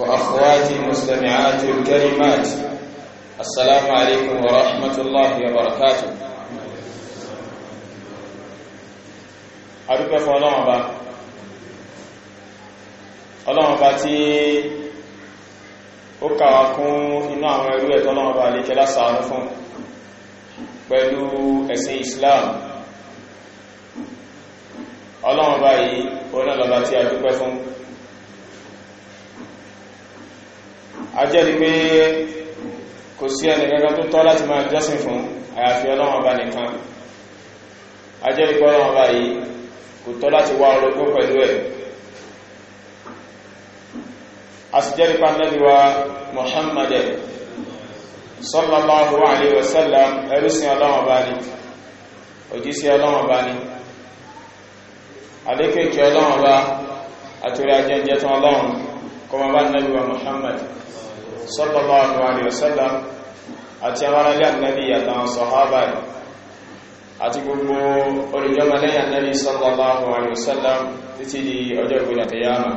وأخواتي مستمعات الكلمات السلام عليكم ورحمة الله وبركاته adúpẹ́ fún ọlọ́run ọba ọlọ́run ọba tí ó kàwà kún inú àwọn ẹrú ọba lè kẹlá sàánú fun. Pelu Islam ọlọ́run ọba yìí onílọ́ba tí adúpẹ́ fún a jẹ́rìí pé kò sí ẹni gẹ́gẹ́ tó tọ́ láti máa jọ́sìn fún àyàfi ọlọ́run ọba nìkan a jẹ́rìí pé ọlọ́run ọba yìí kò tọ́ láti wá orogún pẹ̀lú ẹ̀ a sì jẹ́rìí pé Ànábì wa Muhammad sallallahu alaihi wasallam ẹrúsìn ọlọ́run ọba ni òjíṣẹ́ ọlọ́run ọba ni àlékèké ọlọ́run ọba àtúrí ajẹ́jẹ́ tán ọlọ́run kọmọ bá Ànábì wa Muhammad sallallahu alaihi wasallam àti àwọn aráyé ànábì àtàwọn sọ̀hábà àti gbogbo olùjọmọlẹ́yìn ànábì sallallahu alaihi wasallam títí di ọjọ́ ìgbìnà tẹ̀yàmà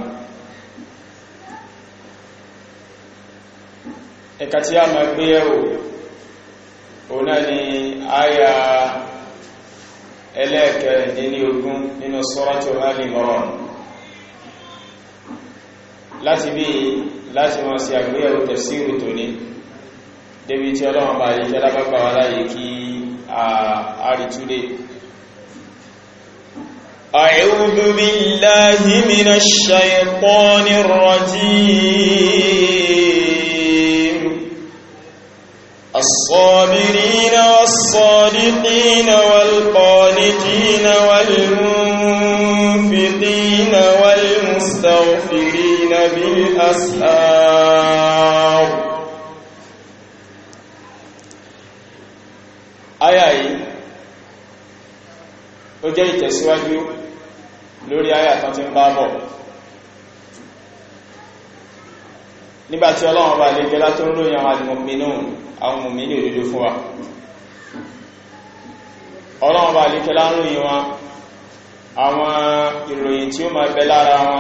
ẹ̀ka tí a máa gbé ẹ̀wò òun náà ni àyà láti bí láti wọ́n sí àgbéyàwó tẹ̀síwò tó ní débi tí ọlọ́wọ́n bá yìí tẹ́lá bá wà láyé kí a rí túlé أعوذ بالله من الشيطان الرجيم الصابرين والصادقين والصادقين بالأسحار àyá yìí ó jẹ́ ìtẹ̀síwájú lórí àyá tán ti ń bá bọ̀ nígbàtí ọlọ́run bá lè gẹ́lá tó ń ròyìn àwọn àdìmọ̀mínú àwọn mọ̀mínú òdodo fún wa ọlọ́run bá lè gẹ́lá ń ròyìn wọn àwọn ìròyìn tí ó máa bẹ lára wọn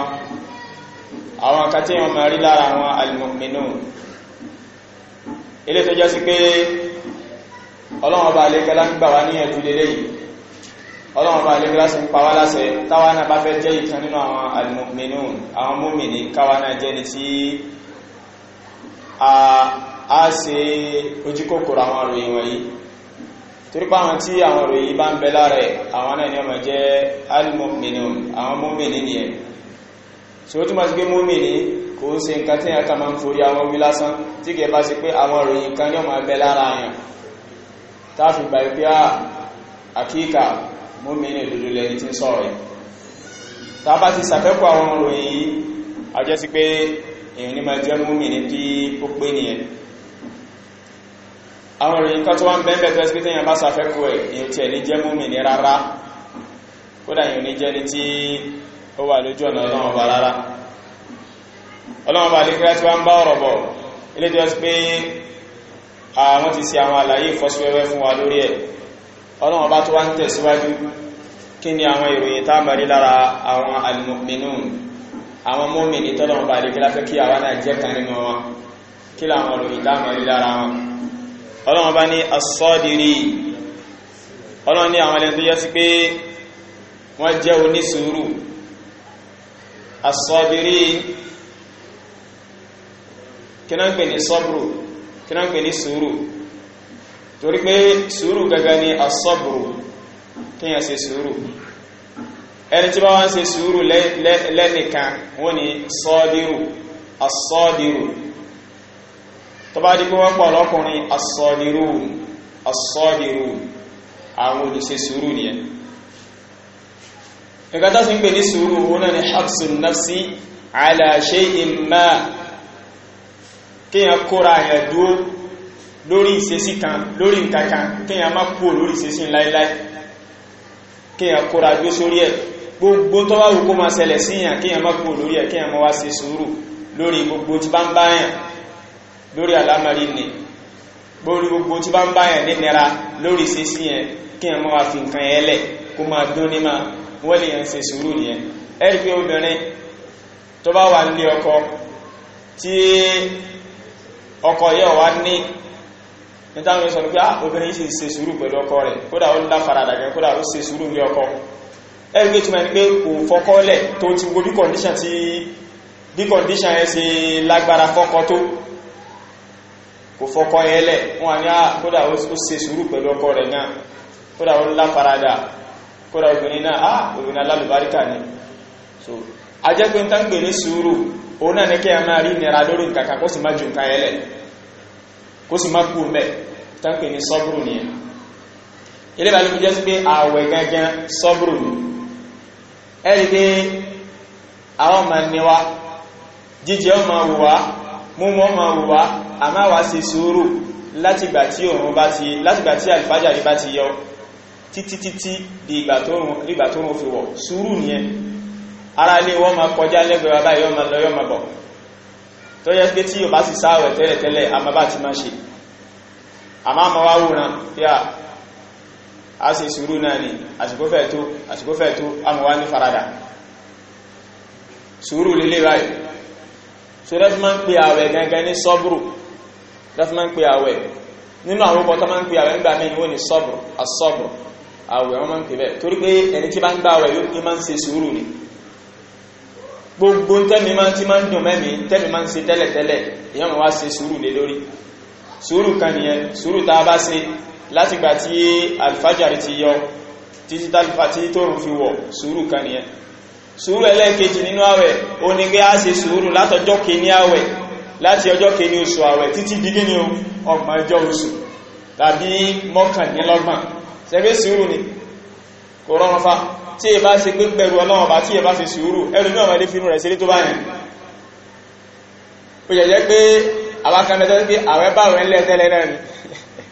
àwọn kan tí wọ́n máa rí lára àwọn alìmọ̀mìnú ilé tó jẹ́ sí pé ọlọ́run ọba alẹ́kẹ́lá ń gbà wá ní ẹ̀kú lélẹ́ yìí ọlọ́run ọba alẹ́kẹ́lá sì ń pa wá láṣẹ táwa náà bá fẹ́ jẹ́ ìkan nínú àwọn alìmọ̀mìnú àwọn múmìnì káwa náà jẹ́ ni tí a ṣe ojúkòkòrò àwọn ìròyìn wọ̀nyí torípa àwọn tí àwọn ìròyìn bá ń bẹ lára àwọn náà ni ọmọ jẹ́ alìmọ̀mìnú àwọn múmìnì nìyẹn so ó túnmọ̀ sí pé múmi ní kò ń ṣe nǹkan tí èèyàn kan máa ń forí àwọn wí lásán tí kìí bá sí pé àwọn ìròyìn kan ní ọmọ ẹgbẹ́ lára yàn táàfi gbà pé ah, àkíkà múmi ní òdodo lẹni tí ń sọ̀rọ̀ yìí tá bá ti ṣàfẹ́kù àwọn ìròyìn yìí a jẹ́ sí pé èèyàn ní máa jẹ́ múmi ní kí ó pé nìyẹn àwọn ìròyìn kan tó wá ń bẹ́ẹ̀ tó ẹ́sì pé bá ṣàfẹ́kù ẹ̀ èèyàn tiẹ̀ ní jẹ́ múmi ní rárá kódà èèyàn ní jẹ́ ní tí ó wà lójú ọ̀nà ọlọ́run ọba rárá ọlọ́run ọba àdékẹ́rẹ́ tí wọ́n ń bá ọ̀rọ̀ bọ̀ ilé tí wọ́n ti pé àwọn ti ṣe àwọn àlàyé ìfọ́síwẹ́wẹ́ fún wa lórí ẹ̀ ọlọ́run ọba tó wá ń tẹ̀síwájú kí ni àwọn ìròyìn tá a mọ̀ rí lára àwọn al-mu'minun àwọn mọ́mìnì tọ́lọ́run ọba àdékẹ́rẹ́ fẹ́ kí àwa náà jẹ́ kan nínú wọn kí làwọn ìròyìn tá a mọ̀ rí lára wọn ọlọ́run ọba ní as-sadiri ọlọ́run ní àwọn ẹlẹ́ni tó yẹ sí pé wọ́n jẹ́ onísùúrù as-sabirin kí ní sabru kí ní sùúrù torí pé sùúrù gaga ni as-sabru kí sùúrù ẹni tí bá wá ń ṣe sùúrù lẹ́nìkan wọ́n ni sọ́dírù asọ́dírù tó bá dí pọ̀ lọ́kùnrin àwọn ẹ̀ka tó sì ń pè ní sùúrù owó náà ni hapsun nafsi ala shay'in ma kíyàn kóra yẹn dúró lórí ìṣesí kan lórí nǹkan kan kíyàn má kú lórí ìṣesí láíláí kíyàn kóra dúró sórí ẹ̀ gbogbo tó wá rúkó máa ṣẹlẹ̀ síyàn kíyàn má kú lórí ẹ̀ kíyàn má wá ṣe sùúrù lórí wọ́n lè yẹn ṣe sùúrù nìyẹn ẹ̀rí pé obìnrin tó bá wà nílé ọkọ tí ọkọ yẹ wá ní nítawọn sọ pé ah, obìnrin yìí ṣe sùúrù pẹ̀lú ọkọ rẹ̀ kódà ó ńlá farada gẹ̀ kódà ó ṣe sùúrù ní ọkọ ẹ̀rí pé túnmọ̀ ní pé kò fọkọ́lẹ̀ tó ti wo bí kọ̀ndíṣàn tí bí kọ̀ndíṣàn wọn ni kódà ó ṣe sùúrù pẹ̀lú ọkọ rẹ̀ náà kódà ó ńlá farada kódà obìnrin náà á ah, obìnrin alálùbáríkà ni so ajẹ́pẹ́ ń tán gbè ní sùúrù òun náà ní kí a máa rí nira lórí nǹkan kó sì má ju nǹkan ẹlẹ̀ kó sì má kú mẹ́ tán pè ní sọ́bùrù nìyẹn ilé ìbàlẹ̀ fi jẹ́ sí pé ààwẹ̀ gangan sọ́bùrù ni ẹ̀rí pé àwọn ọmọ niwa jíjẹ ọmọ wùwá múmú ọmọ wùwá àmáwá sí sùúrù látìgbà tí òun bá ti látìgbà tí àlùfájà rí bá ti yọ títí títí di ìgbà tó rún fi wọ̀ sùúrù nìyẹn ara lé wọ́n ma kọjá lẹ́gbẹ̀ẹ́ bàbá yọ́ ma lọ yọ́ ma bọ̀ tó yẹ pé tí yóò bá sì sáwẹ̀ tẹ́lẹ̀tẹ́lẹ̀ àmà ti máa ṣe ni àsìkò fẹ́ tó àsìkò fẹ́ tó àmà wá ní faradà sùúrù lélẹ̀ báyìí so rẹ́fí máa ń pe àwẹ̀ gangan ní sọ́bùrù rẹ́fí máa ń pe nínú àwọn ọkọ̀ tó máa ń pe àwẹ̀ nígbà mẹ́rin ni sọ́bùrù asọ́bùrù àwẹ̀ wọn máa ń pè bẹ́ẹ̀ torí pé ẹni tí bá ń gbàwẹ̀ yóò ní máa ń ṣe sùúrù ni gbogbo tẹ́mi máa ti máa ń dùn mẹ́mi tẹ́mi máa ń ṣe tẹ́lẹ̀tẹ́lẹ̀ èèyàn wá ṣe sùúrù lé lórí sùúrù kan nìyẹn sùúrù tá a bá ṣe látìgbà tí alfajari ti yọ títí tàbí tí tóòrùn fi wọ̀ sùúrù kan nìyẹn sùúrù ẹlẹ́ẹ̀kejì nínú àwẹ̀ ó ní pé a ṣe sùúrù látọjọ́ kìíní àwẹ̀ láti ọjọ́ kìíní oṣù àwẹ̀ títí dígí ni ọgbọ̀n ọjọ́ oṣù tàbí mọ́kànlélọ́gbọ̀n sẹ́gbé sùúrù ni kò rọrùn fa tí ẹ bá ṣe pé bẹ̀rù ọlọ́wọ̀n bá tí ẹ bá ṣe sùúrù ẹlùmí ọmọ ilé fínú rẹ̀ sí tó báyìí ó yẹ̀ jẹ́ pé àwákanẹ́tọ́ pé àwẹ́ báwẹ̀ ńlẹ̀ tẹ́lẹ̀ náà ni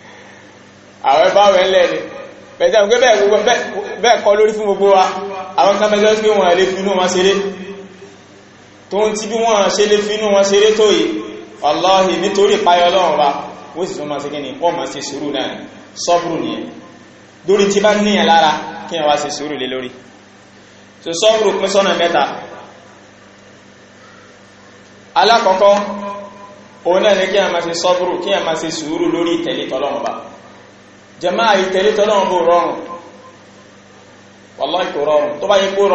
àwẹ́ báwẹ̀ ńlẹ̀ ni pẹ̀sẹ̀ pé bẹ́ẹ̀ kọ́ lórí fún gbogbo wa àwọn kanẹ́tọ́ pé wọ́n lè lórí tí bá níyàn lára kí ẹ wá ṣe sùúrù lé lórí so sọ́bùrù pín sọ́nà mẹ́ta alákọ̀ọ́kọ́ òun náà ní kí ẹ máa ṣe sọ́bùrù kí ẹ máa ṣe sùúrù lórí ìtẹ̀lé tọ́lọ́mọba jẹmá ìtẹ̀lé tọ́lọ́mọba rọrùn wallahi kò rọrùn tó bá yẹ kó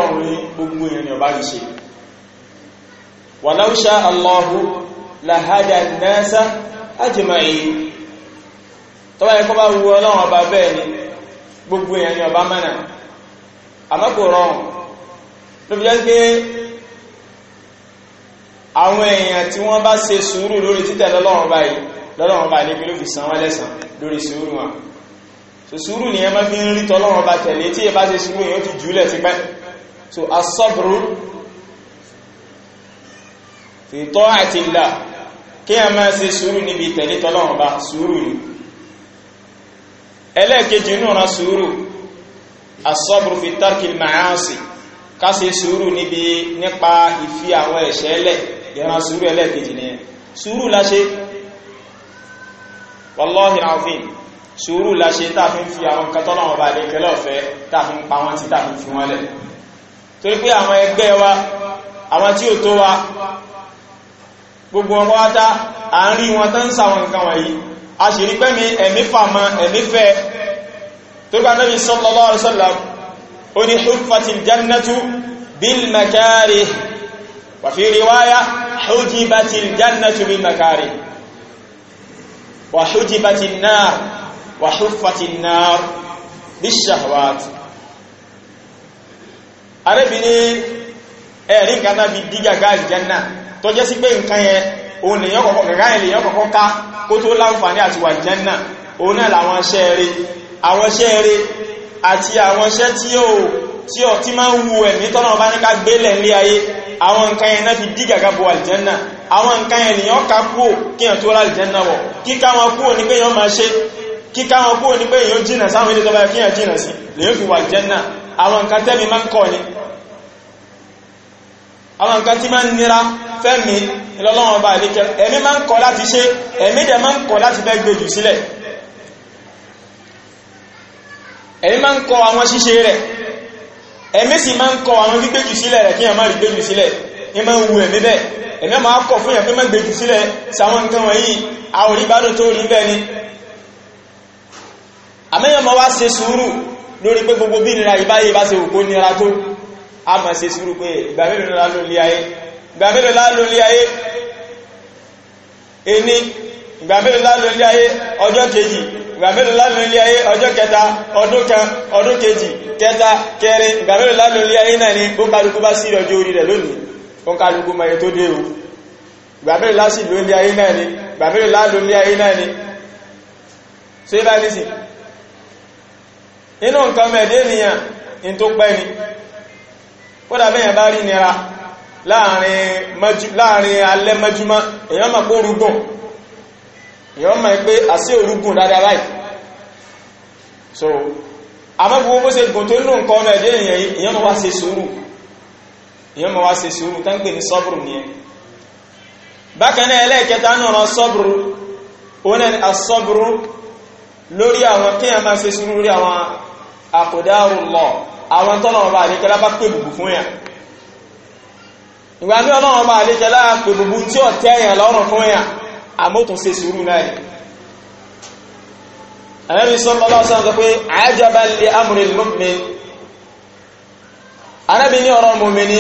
bá bẹ́ẹ̀ ni gbogbo èèyàn ni ọba mẹ́nà àmọ́ kò rọrùn ló fi jẹ́ pé àwọn èèyàn tí wọ́n bá ṣe sùúrù lórí títẹ̀ lọ́lọ́run báyìí lọ́lọ́run báyìí níbi ló fi san wọ́n lẹ́san lórí sùúrù wọn so sùúrù ni ẹ máa fi ń rí tọ́lọ́run bá tẹ̀lé tí ẹ bá ṣe sùúrù yóò ti jùlẹ̀ ti pẹ́ so asọ́bùrú fi tọ́ àti ìlà kí ẹ máa ṣe sùúrù níbi tẹ̀lé tọ́lọ́run bá sùúrù ni ẹlẹ́ẹ̀kejì inú ọ̀nà sùúrù asọ́bùrù fi tarkil ma'asi ká ṣe sùúrù níbi nípa ìfi àwọn ẹ̀ṣẹ̀ ẹlẹ̀ ìran sùúrù ẹlẹ́ẹ̀kejì ni sùúrù láṣe wallahi alazim sùúrù láṣe táàfin fi àwọn nǹkan tọ́nà ọba àdékẹ́lọ́fẹ́ táàfin pa wọn tí táàfin fi wọn lẹ̀ torí pé àwọn a sì rí pé mi ẹ̀mí fàmọ́ ẹ̀mí fẹ́ tó gbà Nabi sallallahu alaihi wasallam ó ní huffatil jannatu bil makarih wa fi riwaya hujibatil jannatu bil makarih wa hujibatin nar wa huffatin nar bis shahwat arábìnrin ẹ̀rí nǹkan náà fi janna tó jẹ́ sí pé nǹkan yẹn òun lèyàn kọ̀kọ́ kó tó láǹfààní àti wà jẹ́nà òun náà làwọn iṣẹ́ rere àwọn iṣẹ́ rere àti àwọn iṣẹ́ tí ó tí ó tí máa ń wu ẹ̀mí tọ́nà bá ní ká gbélẹ̀ ní ayé àwọn nǹkan yẹn náà fi dí gàgà bo àlìjẹ́nà àwọn nǹkan yẹn nìyàn ká kúò kí èèyàn tó rálìjẹ́nà wọ̀ kíká wọn kúò ní pé èèyàn máa ṣe kíká wọn kúò ní pé èèyàn jìnà sáwọn ilé tó bá yẹ kí jìnà sí lèyàn fi wà àlìjẹ́nà àwọn nǹkan tẹ́mi máa ń kọ́ ni àwọn nǹkan tí m'a ń nira fẹ́mi ìlọ́lọ́wọ́n bá ìlékẹ́ ẹ̀mí máa ń kọ̀ láti ṣe ẹ̀mí dẹ̀ m'a ń kọ̀ láti fẹ́ gbé jù sílẹ̀ ẹ̀mí máa ń kọ̀ àwọn ṣíṣe rẹ̀ ẹ̀mí sì máa ń kọ̀ àwọn gbígbé jù sílẹ̀ rẹ̀ kí ẹ̀ máa rí gbé jù sílẹ̀ ẹ m'a ń wu ẹ̀mí bẹ́ẹ̀ ẹ̀mí máa kọ̀ fún ẹ̀mí máa gbé jù sílẹ̀ sàwọn nǹkan wọ̀nyí àwọn oníbádùn tó rí bẹ́ẹ̀ ni àmẹ́yàn máa wá ṣe sùúrù lórí pé gbogbo bí nira ìbáyé a máa ṣe sùúrù pé ìgbà mélòó lálò lé ayé ìgbà mélòó lálò lé ayé ení ìgbà mélòó lálò lé ayé ọjọ́ kejì ìgbà mélòó lálò lé ayé ọjọ́ kẹta ọdún kan ọdún kejì kẹta kẹrin ìgbà mélòó lálò lé ayé náà ni bó kálukú bá sí ọjọ́ orí rẹ̀ lónìí ó ni kódà bẹ́yàn bá rí nira láàrin alẹ́ mẹ́júmọ́ èyàn mọ̀ pé orúgùn èyàn mọ̀ pé àsí orúgùn dáadáa báyìí so àmọ́ gbogbo bó ṣe gùn tó nù nǹkan ọmọ ẹ̀dẹ́ èyàn mọ̀ wá ṣe sùúrù èyàn mọ̀ wá ṣe sùúrù tán pè ní sọ́bùrù nìyẹn bákan náà ẹlẹ́ẹ̀kẹta náà rán sọ́bùrù òun náà ni asọ́bùrù lórí àwọn kíyàn máa ṣe sùúrù lórí àwọn àkùdárù lọ́ọ̀ àwọn tọ́lọ̀wọ̀n bá àlékẹ́lá bá pè bùbù fún yàn ìgbà ní ọlọ́wọ̀n bá àlékẹ́lá pè bùbù tí ó tẹ́ yàn lọ́rùn fún yàn àmótún ṣe sùúrù náà rẹ̀ Ànábì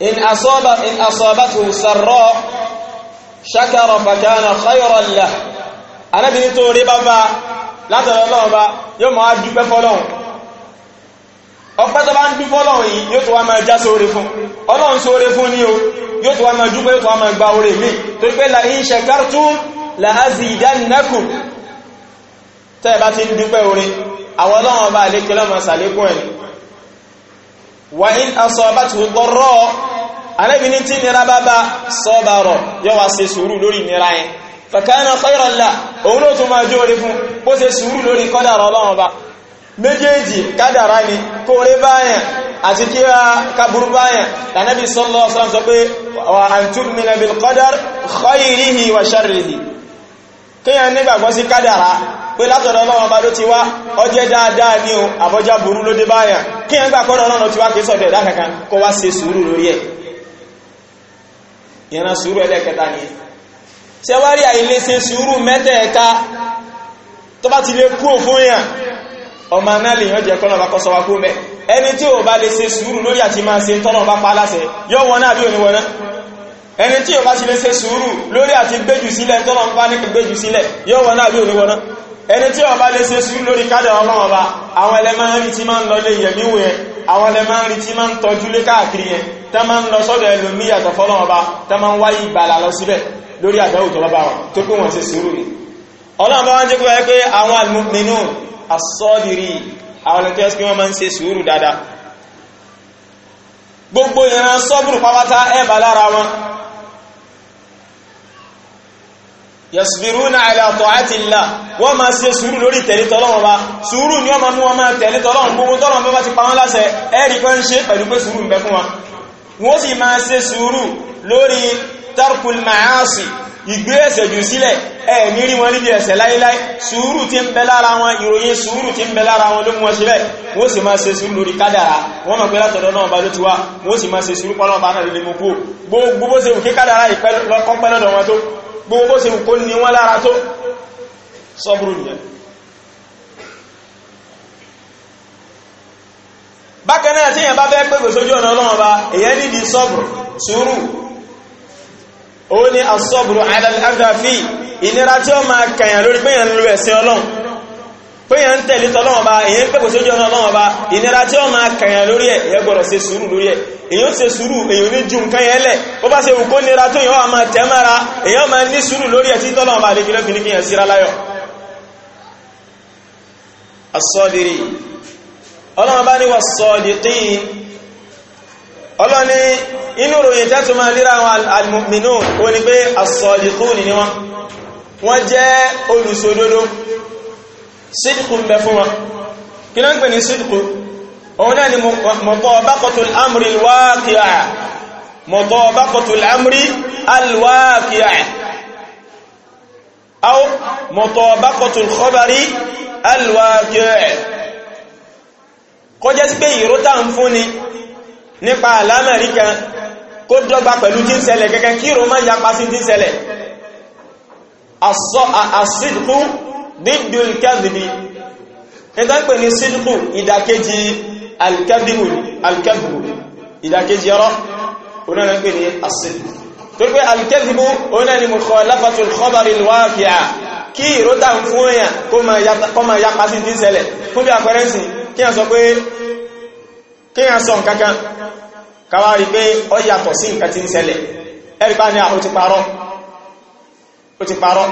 in asaba in asabathu shakara fa kana khayran lahu arábìnrin tó rí bá bá látọ̀rọ̀ ọlọ́run bá yóò máa dúpẹ́ fọ́lọ́run ọpẹ́ tó bá ń dúpẹ́ fọ́lọ́run yìí yóò tó wá máa já sóore fún ọlọ́run sóore fún ní o yóò tó wá máa dúpẹ́ yóò tó wá máa gba oore mi tó pé la in shakartum la azidannakum tẹ́ bá ti ń dúpẹ́ oore àwọn ọlọ́run bá lè kílọ̀ máa sàlékún ẹ̀ wa in asabathu darra arábìnrin tí nira bá bá fàkánà khayran la òun ló tún máa jó orí fún bó ṣe sùúrù lórí kádàrá ọlọ́run ọba méjèèjì kádàrá ni kó orí báyàn àti kí a kàbúrú báyàn lànàbí sallallahu alaihi wasallam sọ pé wa an tu'mina bil qadar khayrihi wa sharrihi kíyàn nígbàgbọ́ sí kádàrá pé látọ̀dọ̀ ọlọ́run ọba ló ti wá ọjẹ́ dáadáa ní o àbọ́já ṣe wá rí àìlèṣe sùúrù mẹ́tẹ̀ẹ̀ta tó bá ti lè kúrò fún yàn ọmọ náà lè yànjẹ́ kọ́nà bá kọ́ sọwá kó mẹ́ ẹni tí ò bá lè ṣe sùúrù lórí àti máa ṣe tọ́nà bá pa láṣẹ yọ wọn náà bí òní wọn náà ẹni tí ò bá ti lè ṣe sùúrù lórí àti gbéjù sílẹ̀ tọ́nà bá ní gbéjù sílẹ̀ yọ wọn náà bí òní wọn náà ẹni tí ò bá lè ṣe sùúrù lórí kádà ọlọ́run ọba àwọn ẹlẹ́mọ́ rí tí máa ń lọ lé yẹ̀mí wò yẹn àwọn ẹlẹ́mọ́ rí tí máa ń tọ́jú lé káàkiri yẹn tẹ́ máa ń lọ sọ́dọ̀ ẹlòmíyàtọ̀ fọ́lọ́run ọba tẹ́ máa ń wáyé ìgbàlà lọ síbẹ̀ lórí àdáwò tó bá wọn tó pé wọ́n ṣe sùúrù ni ọlọ́run bá wọ́n jẹ́ pé pé àwọn alìmọ́mìnú asọ́dìrí àwọn ẹni tó yẹ kí wọ́n máa ń ṣe sùúrù dáadáa gbogbo ìran sọ́bùrù pàpátá ẹ̀bà lára wọn yasbiruna ala ta'ati llah wọ́n máa ṣe sùúrù lórí tẹ̀lé tọ́lọ́run bá sùúrù ni wọ́n máa mú wọn máa tẹ̀lé tọ́lọ́run gbogbo tọ́lọ́run bá ti pa wọ́n láṣẹ ẹ̀rí kan ṣe pẹ̀lú pé sùúrù ń bẹ fún wọn wọ́n sì máa ṣe sùúrù tarkul ma'asi ìgbé ẹ̀ṣẹ̀ jù sílẹ̀ ẹ̀ ní rí wọn níbi ẹ̀ṣẹ̀ láíláí sùúrù tí ń bẹ lára wọn ìròyìn sùúrù tí ń bẹ lára wọn ló mú wọn sílẹ̀ wọ́n sì máa ṣe sùúrù lórí kádàrá wọ́n mọ̀ pé látọ̀dọ̀ náà bá ló ti wá wọ́n sì máa ṣe sùúrù pọ́nà bá náà lè mú kú gbogbo bó ṣe wù kí kádàrá ìpẹ́lọ́kọ́pẹ́ lọ́dọ̀ wọn tó gbogbo bó ṣe wù kó ní wọn lára tó sọ́bùrù nìyẹn bákan náà tí èèyàn bá fẹ́ pẹ́gbẹ̀ sójú ọ̀nà ọlọ́run ọba èèyàn nídìí sọ́bùrù sùúrù ó ní asọ́bùrù alàlàfí ìnira tí ó máa kàyàn lórí pé yàn ń lo ẹ̀sìn ọlọ́run pé yàn ń tẹ̀lé tọ́lọ́wọ́n bá èyàn ń pẹ̀kọ̀ sójú ọlọ́run bá ìnira tí ó máa kàyàn lórí ẹ̀ èyàn gbọ́dọ̀ ṣe sùúrù lórí ẹ̀ èyàn sùúrù èyàn ní ju nǹkan yẹn lẹ̀ bá wù kó nira tó yàn máa ọlọ́ni inú ròyìn tẹ́tù máa ríra àwọn alìmọ̀mìnú o ni pé as-sadiqun ni wọ́n wọ́n jẹ́ olùsòdodo sídìkù ń bẹ fún wọn kí náà ń pè ní sídìkù òun náà ni mutabaqatul amri al-waqi'a mutabaqatul amri al-waqi'a aw sí pé ìrótà ń fún ni nípa àlámẹ̀rí kan kó dọ́gba pẹ̀lú tí ń ṣẹlẹ̀ gẹ́gẹ́ kí roma yapa sí tí ń ṣẹlẹ̀ àṣídùkú dídú ìkẹ́bìbì ìtànkpè ní sídùkú ìdàkejì alkẹ́bìbù ìdàkejì ọ̀rọ̀ onáàpè ní àṣídùkú torí pé alkẹ́bìbù onáà ni mukhalafatul khabaril waqi'a kí ìrótà fún èèyàn kó ma yapa sí tí ń ṣẹlẹ̀ fún bí àpẹrẹ sí kí a sọ pé kíyàn sọ nǹkankan káwàá rí pé ó yàtọ̀ sí nǹkan tí ń ṣẹlẹ̀ ẹ̀rípa ní àwọn ah, ti parọ́ ó ti parọ́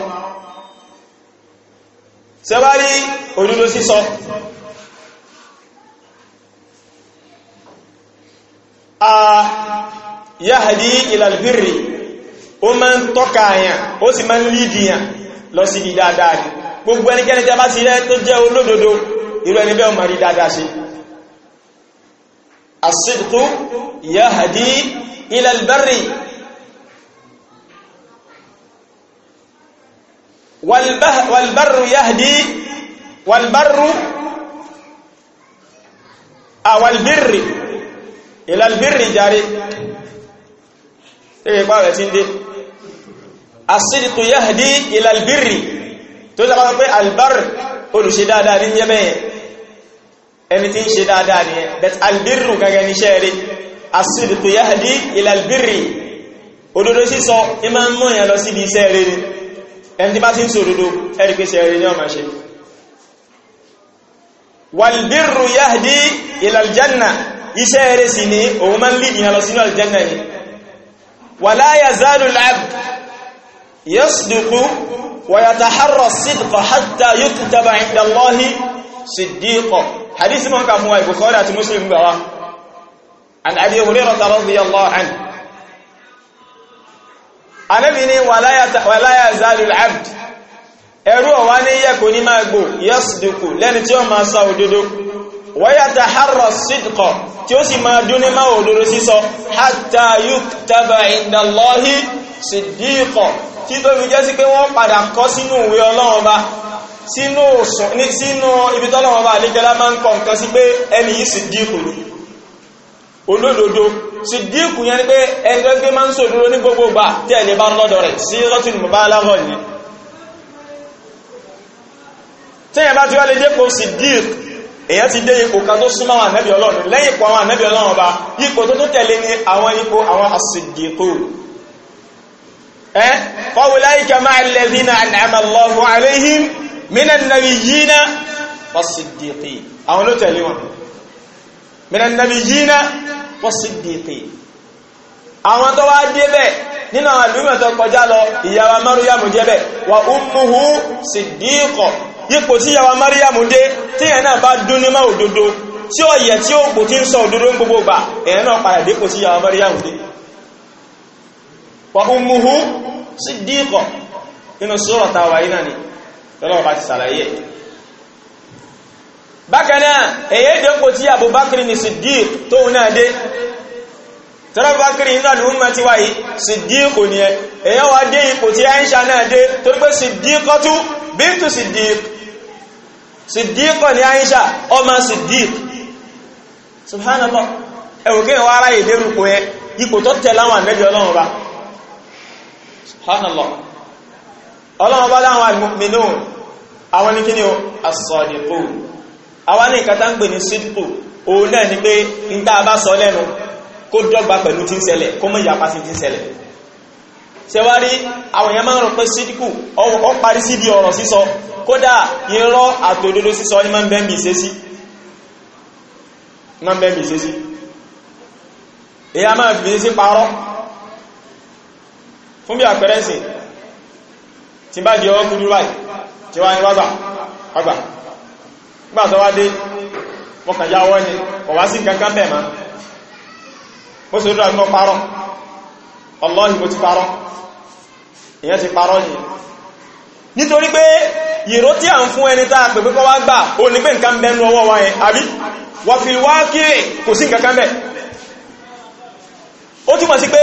sẹ́wárí a yahdi ila albirri ó máa ń tọ́ka àyàn ó sì máa ń lídìyàn lọ sí di dáadáa gbogbo ẹnikẹ́ni tí a bá ti rẹ́ tó jẹ́ olódodo irú ẹni bẹ́ẹ̀ ó máa rí dáadáa ṣe as-sidqu yahdi ila al-barri wal-barru yahdi wal-barru àwàlbírì ìlàlbírì jari tí kìí pàwẹ̀ tí ń dé asìdìtò yáhìdí ìlàlbírì tó tàbí pé albar olùṣe dáadáa ní yẹ́bẹ̀yẹn ẹni tí ń ṣe dáadáa ni ẹ but albirru gẹ́gẹ́ ní iṣẹ́ rí asìdìtò yahdi ila albirri òdodo sísọ ní máa ń mú ìyàn lọ síbi iṣẹ́ rí ni ẹni tí bá ti ń sọ òdodo ẹ̀rí pé iṣẹ́ rí ni ọmọ ṣe walbirru yahdi ila aljanna iṣẹ́ rí sí ni òun máa ń lè ìyàn lọ sínú aljanna ni wala yazalu al-abd yasduqu wa yataharra as-sidqa hatta yuktaba 'inda Allahi hadisi mọ́ ká fún wa Bukhari àti Muslim gbà wá an Abi Hurairah radiyallahu anhu Ànábì ní wala yazalu al-abd ẹrú ọ̀wá ní yẹ́kò ní máa gbò yasduku lẹ́ni tí ó máa sá òdodo wa yataharra as-sidqa tí ó sì máa dún ní máa òdodo sísọ hatta yuktaba inda Allahi siddiqa tí tó fi jẹ́ sí pé wọ́n padà kọ sínú ìwé Ọlọ́run bá sínú ibi tọ́lọ́wọ́ bá àlékẹ́lá máa ń kọ nǹkan sí pé ẹni yìí sì díkù ní olódodo sì díkù yẹn ni pé ẹni tó gbé máa ń sòdúró ní gbogbo gbà tí ẹni bá lọ́dọ̀ rẹ̀ sí rọ́tún mọ̀bá aláwọ̀ yẹn tí ẹ̀yẹn bá ti wá lè dépò sì díkù èyàn ti dé ipò máa alladhina an'ama Allahu alayhim minan nabiyina was-siddiqin àwọn ló tẹ̀lé wọn minan nabiyina was-siddiqin àwọn tó wá dé bẹ́ẹ̀ nínú àwọn àlúmọ̀ tó kọjá lọ ìyàwó Maryamu jẹ́ bẹ́ẹ̀ wa ummuhu siddiqo yípo tí ìyàwó Maryamu dé tí ẹ̀ náà bá dún ní máa òdodo tí ó yẹ tí ó pò tí ń sọ òdodo gbogbo gbà ẹ̀ náà padà dépò tí ìyàwó Maryamu dé wa ummuhu siddiqo nínú sọ́rọ̀ tàwà yìí náà ni lọ́lọ́wọ́ bá ti sàlàyé bákanáà èyí ìdẹ́kò tí Abubakar ni Siddiq tóun náà dé tọ́lọ́bàkiri iná ló ń mẹ́tíwá yìí Siddiq ní ẹ èyàn wá dé ipò tí Aisha náà dé tó pé Siddiqatu bintu Siddiq Siddiq ní Aisha ọmọ Siddiq subhanallah ẹ̀wọ̀n kí wọ́n ara ọlọ́run bá láwọn alìmọ̀mìnú àwọn ní kíni o asọ̀dìkò àwọn ní ìkàtà ń gbè ní sídìkò òun náà ni pé ń tá a bá sọ lẹ́nu kó dọ́gba pẹ̀lú tí ń ṣẹlẹ̀ kó mọ̀ ìyapa sí tí ń ṣẹlẹ̀ ṣẹwárí àwọn èèyàn máa ń rò pé sídìkù ọ parí síbi ọ̀rọ̀ sísọ kódà irọ́ àtòdodo parọ́ fún bí àpẹẹrẹ tí bá di ọwọ́ kúrú báyìí tí wá ní wá gbà gbà tó wá dé wọ́n kàn já ọwọ́ ni ọ̀wá sí kankan bẹ̀ ma ó sì rúra ní ọ parọ́ ọlọ́hìn bó ti parọ́ èyàn ti parọ́ ni nítorí pé ìró tí à ń fún ẹni tá a pè pípọ́ wá gbà ó ní pé nǹkan bẹ́nu ọwọ́ wa yẹn àbí wọ́n fi wá kí kò sí nǹkan bẹ̀ ó túmọ̀ sí pé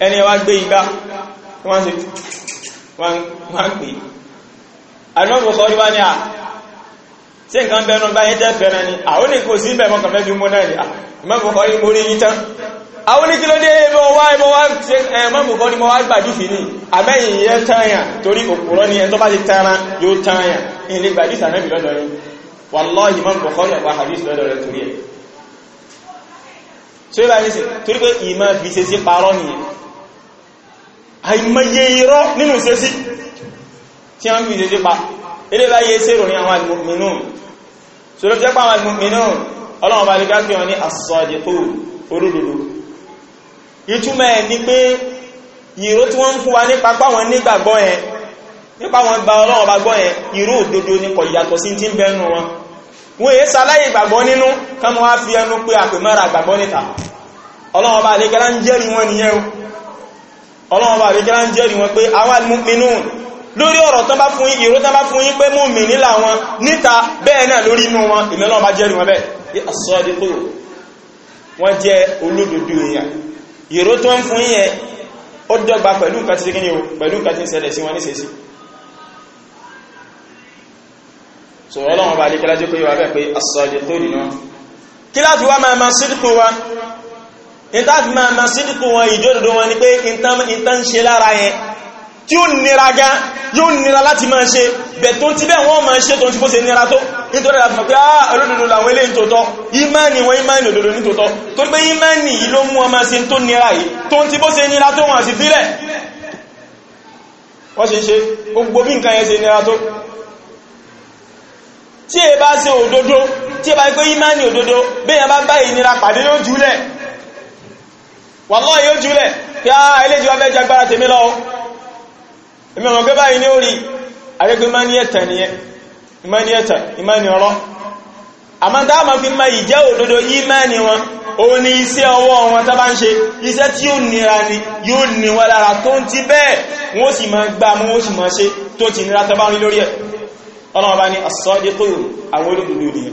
ẹni wá gbé igbá wọ́n sì wọ́n pè àdínwọ́n sọ wípá ní à tí nǹkan bẹnu báyé tẹ́ fẹ́ràn ni àwọn ní kò sí bẹ̀mọ́ kàfẹ́ bí mọ́ náà ni mọ́bùkọ́ orí yí tán àwọn ní kí ló dé ẹmọ́ wá ẹmọ́ wá mọ́bùkọ́ ni mọ́ wá gbàdífì ní àmẹ́yìn yẹ tààyàn torí òpùrọ́ ni ẹn tó bá ti tààrán yóò tààyàn ilé gbàdífì ànábì lọ́dọ̀ yìí wàláhì mọ́bùkọ́ yàgbà hadith lọ́dọ̀ rẹ̀ torí ẹ̀ àìmọye irọ́ nínú ìṣesí tí wọ́n fi ìṣesí pa ilé láyé sèrò ní àwọn alìmọ̀mìnú ṣòro jẹ́ pa àwọn alìmọ̀mìnú ọlọ́run bá lè gáfí wọn ní àsọ̀dẹ̀kò orílẹ̀-èdè ìtumọ̀ ẹ̀ ni pé ìró tí wọ́n ń fún ni kò yàtọ̀ sí ti ń bẹnu wọn wọn èé sáláyè ìgbàgbọ́ nínú kán wọ́n á fi ẹnu pé àpèmọ́ra ìgbàgbọ́ níta ọlọ́run bá lè gẹ́lá ń jẹ́rìí wọn nìyẹn ọlọ́run bá rí kí láń jẹ́rìí wọn pé àwọn almu'minun lórí ọ̀rọ̀ tán bá fún yín ìró tán bá fún yín pé mu'mini làwọn níta bẹ́ẹ̀ náà lórí inú wọn ìmẹ́lọ́run bá jẹ́rìí wọn bẹ́ẹ̀ bí as-sadiqu wọ́n jẹ́ olódodo èèyàn ìró tó ń fún yín ó dọ́gba pẹ̀lú nǹkan tí kí ni o pẹ̀lú nǹkan tí ń ṣẹlẹ̀ sí wọn ní sẹ́sí so ọlọ́run bá rí kí lájẹ́ pé wà bẹ́ẹ̀ pé as-sadiqu nínú kí láti wá máa máa sídìkú wa ìta fi máa ma sídìkù wọn ìjọ́dọ̀dọ̀ wọn ni pé ìta ń ṣe lára yẹn tí ó nira gan yóò nira láti máa ṣe bẹ̀ tó ti bẹ́ wọ́n máa ṣe tó ti fó ṣe nira tó nítorí àfihàn pé ah olódodo làwọn eléyìí tòótọ́ ìmáàni wọn ìmáàni òdodo ní tòótọ́ tó pé ìmáàni yìí ló mú wọn máa ṣe tó nira yìí tó ti bó ṣe nira tó wọn sì fílẹ̀ wọ́n ṣe ṣe gbogbo bí nǹkan yẹn ṣe nira tó tí ẹ bá ṣe òdodo tí ẹ bá pé ìmáàni òdodo bẹ́ẹ̀ bá bá ìnira pàdé lójúlẹ̀ wallahi yóò jùlẹ̀ kí á eléjìwá fẹ́ jagbára tèmi lọ èmi ọmọ gbé báyìí ní orí ayégbé mánìyàtà nìyẹn ìmánìyàtà ìmánì ọ̀rọ̀ àmọ́ tá a máa fi máa ìjẹ́ òdodo ìmánì wọn òun ni iṣẹ́ ọwọ́ wọn tá bá ń ṣe iṣẹ́ tí ó ni yóò ní wọn lára tó ń ti bẹ́ẹ̀ àwọn olódodo nìyẹn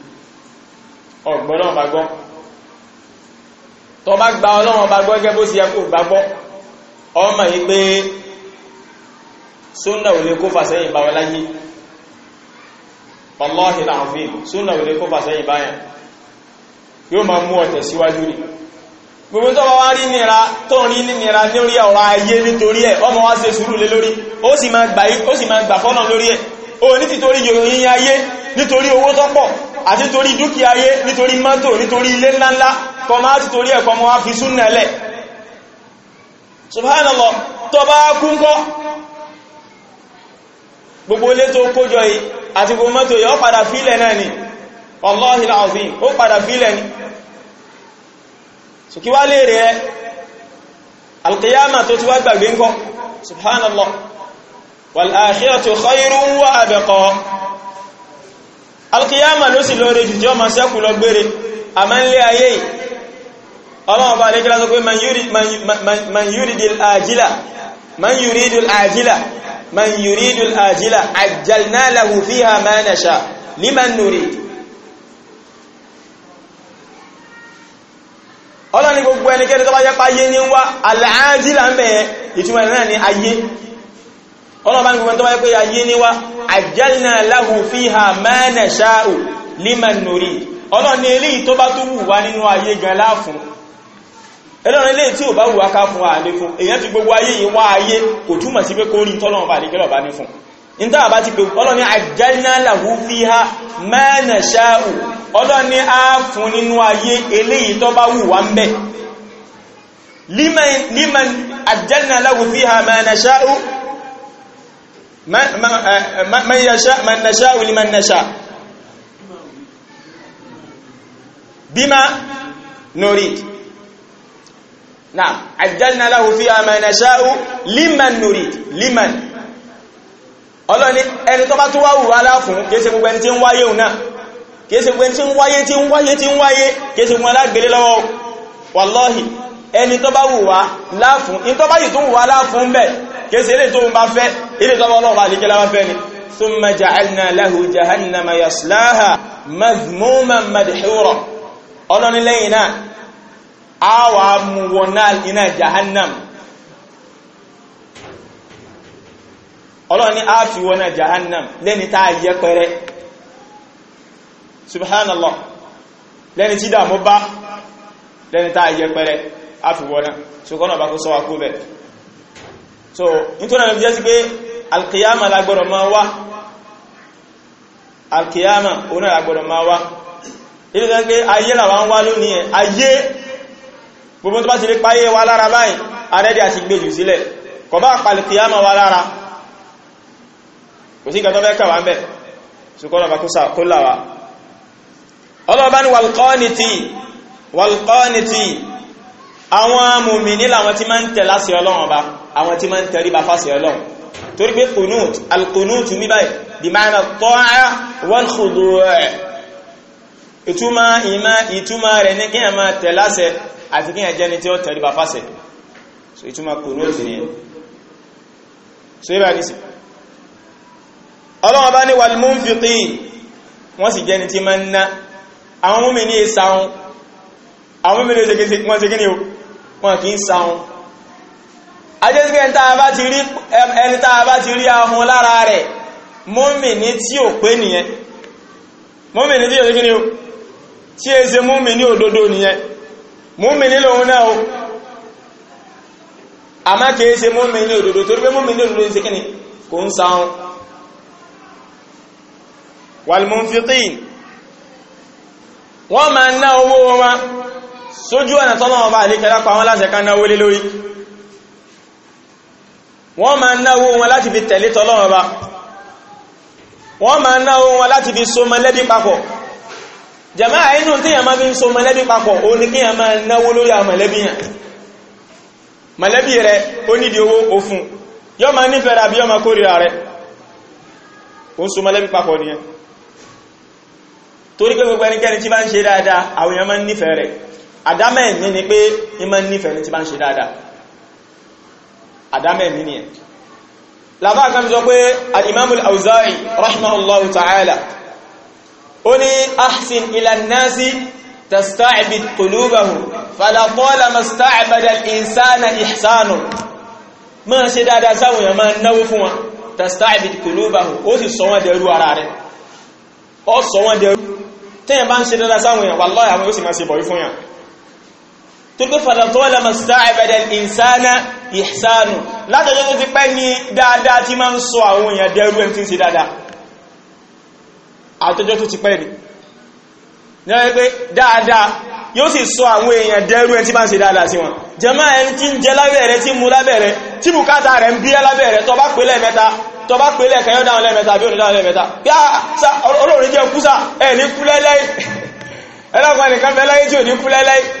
ọ̀gbọ́n náà bá gbọ́ tó bá gba ọlọ́wọ́n bá gbọ́ gẹ́gẹ́ bó sì yẹ kó bá gbọ́ ọmọ yìí pé súnà ò lè kó fàsẹ́yìn bá wọn láyé ọlọ́hìn àfihàn súnà ò lè kó fàsẹ́yìn bá yẹn yóò máa mú ọ̀tẹ̀ síwájú ni gbogbo tó bá wá rí nira tó rí nira lórí ọ̀rọ̀ ayé nítorí ẹ̀ ọmọ wá ṣe sùúrù lé lórí ó sì máa gbà fọ́nà lórí ẹ̀ ó ní títorí àti torí dúkìá ayé nítorí mọ́tò nítorí ilé ńláńlá kọ máa ti torí ẹ̀kọ́ mọ́ fi súnnà lẹ̀ subhanallah tó bá kúnkọ́ gbogbo ilé tó kójọ yìí àti gbogbo mọ́tò yìí ó padà fílẹ̀ náà ni wallahi alazim ó padà fílẹ̀ ni sùkí wá léèrè alkiyama ló sì lóore jù tí ó ma sẹ́kù lọ gbére àmọ́ ń lé ayé ọlọ́wọ́ bá lékílá sọ pé man yuridil ajila man yuridil ajila man yuridil ajila ajjalna lahu fiha ma nasha liman nurid ọlọ́ni gbogbo ẹnikẹ́ni tó bá yẹ́pa ayé ní wá al mẹ́ ìtumọ̀ náà ni ayé ọlọ́bá ń gbogbo tó wáyé pé ayé níwá àjálìnà lahu fiha ma nasha'u liman nurid ọlọ́ni eléyìí tó bá tó wù wá nínú ayé gan láàfún ẹlọ́rin eléyìí tí ò bá wù wá ká fún ààlé fún èyàn ti gbogbo ayé yìí wá ayé kò túmọ̀ sí pé kó rí tọ́lọ́run bá àdékẹ́lọ̀ bá ní fún níta Eh, man yasha man nasha wa liman nasha bima nurid na'am ajjalna lahu fiha ma nasha'u liman nurid liman ọlọ́ni ẹni tó bá tó wáwù wá láàfún kéèsè gbogbo ẹni tí ń wáyé òun náà kéèsè gbogbo ẹni tí ń wáyé tí ń wáyé tí ń wáyé kéèsè gbogbo alágbèlé lọ́wọ́ wallahi ẹni tó bá wù wá láàfún in tó bá yìí tó wù wá láàfún bẹ́ẹ̀ kéèsì ilé tó ń bá fẹ́ ilé tó bọ́lọ́ bá nígbẹ́ lábá fẹ́ ni thumma ja'alna lahu jahannama yaslaha madhmuman madhura ọlọ́nilẹ́yìn náà a wà mú wọn náà iná jahannam ọlọ́ni a fi wọn náà jahannam lẹ́ni tá a yẹ pẹrẹ subhanallah lẹ́ni tí dàmú bá lẹ́ni tá yẹ pẹrẹ a fi wọn náà ṣùgbọ́n ọba kó sọ wa kú so nítorí àwọn ìjẹ́sí pé alkiyama lágbọ́dọ̀ máa wá alkiyama oní àgbọ́dọ̀ máa wá ilé tó ń pé ayé làwà ń wá lónìí ẹ̀ ayé gbogbo tó bá ti lè páyé wa lára báyìí arẹ́dẹ̀ àti gbèjù sílẹ̀ kò bá alkiyama wa lára kò sí ìgbà tó fẹ́ kàwà ń bẹ̀ ṣùkọ́nà bá kó làwà ọlọ́ọ̀bá ni wàlkọ́nìtì wàlkọ́nìtì àwọn amùmìnì làwọn ti máa ń àwọn tí máa ń tẹrí bá fásẹ̀ ọlọ́run torí pé kunut alkunut ní báyìí di máa na tọ́ra wọ́n kùdù rẹ̀ ìtumá ìmá ìtumá rẹ̀ ní kíyàn máa tẹ̀láṣẹ àti kíyàn jẹ́ni tí ó tẹrí bá fásẹ̀ so ìtumá kunut ni so ibà ní sí ọlọ́run wọ́n sì ń ná àwọn ajẹ́sígbẹ́ ẹni tàà bá ti rí ahun lára rẹ̀ mọ́mìnì tí ò pé nìyẹn mọ́mìnì tí ò sí kí ni ó tí è e ṣe mọ́mìnì òdodo nìyẹn mọ́mìnì lòun náà ó àmá kìí ṣe mọ́mìnì òdodo torí pé mọ́mìnì òdodo ṣe kí ni kò ń sáhun walmunfiqin wọ́n máa ná owó wọn sójú ọ̀nà tọ́lọ́wọ́ bá àdíkẹ́lá pa wọ́n láṣẹ ká náwó lé lórí wọ́n máa náwó wọn láti fi tẹ̀lé tọ́lọ́run ọba wọ́n máa náwó wọn láti fi so mọ̀lẹ́bí papọ̀ jàmáà inú tí yàn máa fi ń so mọ̀lẹ́bí papọ̀ ó ní kí yàn máa náwó lórí àwọn mọ̀lẹ́bí yàn mọ̀lẹ́bí rẹ̀ ó nídìí owó òfun yọ máa nífẹ̀ẹ́ àbí yọ máa rẹ̀ ó so mọ̀lẹ́bí papọ̀ nìyẹn torí pé gbogbo ẹnikẹ́ni tí bá ń ṣe dáadáa àwọn máa ń nífẹ̀ẹ́ rẹ̀ àdámẹ́ mi ni pé ń máa ń nífẹ̀ẹ́ ni tí bá ń ṣe dáadáa àdámẹ́ mi ni ẹ̀ lábá kan sọ pé al'imamul auza'i rahimahullahu ta'ala ó ní ahsin ilannasi tasta'bid qulubahu fala talama sta'bada al-insana ihsanu ma ṣe dáadáa sáwọn èèyàn máa náwó fún wọn tasta'bid qulubahu ó sì sọ wọn dẹrú ara rẹ̀ ó sọ wọn dẹrú tẹ́yàn bá torípé fàtàtọ́lá masá ẹ̀bẹ̀dẹ̀ ìsáná ìsánù látọjọ́ tó ti pẹ́ ní dáadáa tí máa ń sọ àwọn èèyàn dẹrú ẹni tí ń ṣe dáadáa àtọjọ́ tó ti pẹ́ ní lẹ́gbẹ́ dáadáa yóò sì sọ àwọn èèyàn dẹrú ẹni tí máa ń ṣe dáadáa sí wọn jẹmọ́ ẹni tí ń jẹ lábẹ́rẹ́ tí mú lábẹ́rẹ́ tí bùkátà rẹ̀ ń bí lábẹ́rẹ́ tó bá pè lẹ́ẹ̀mẹ́ta tó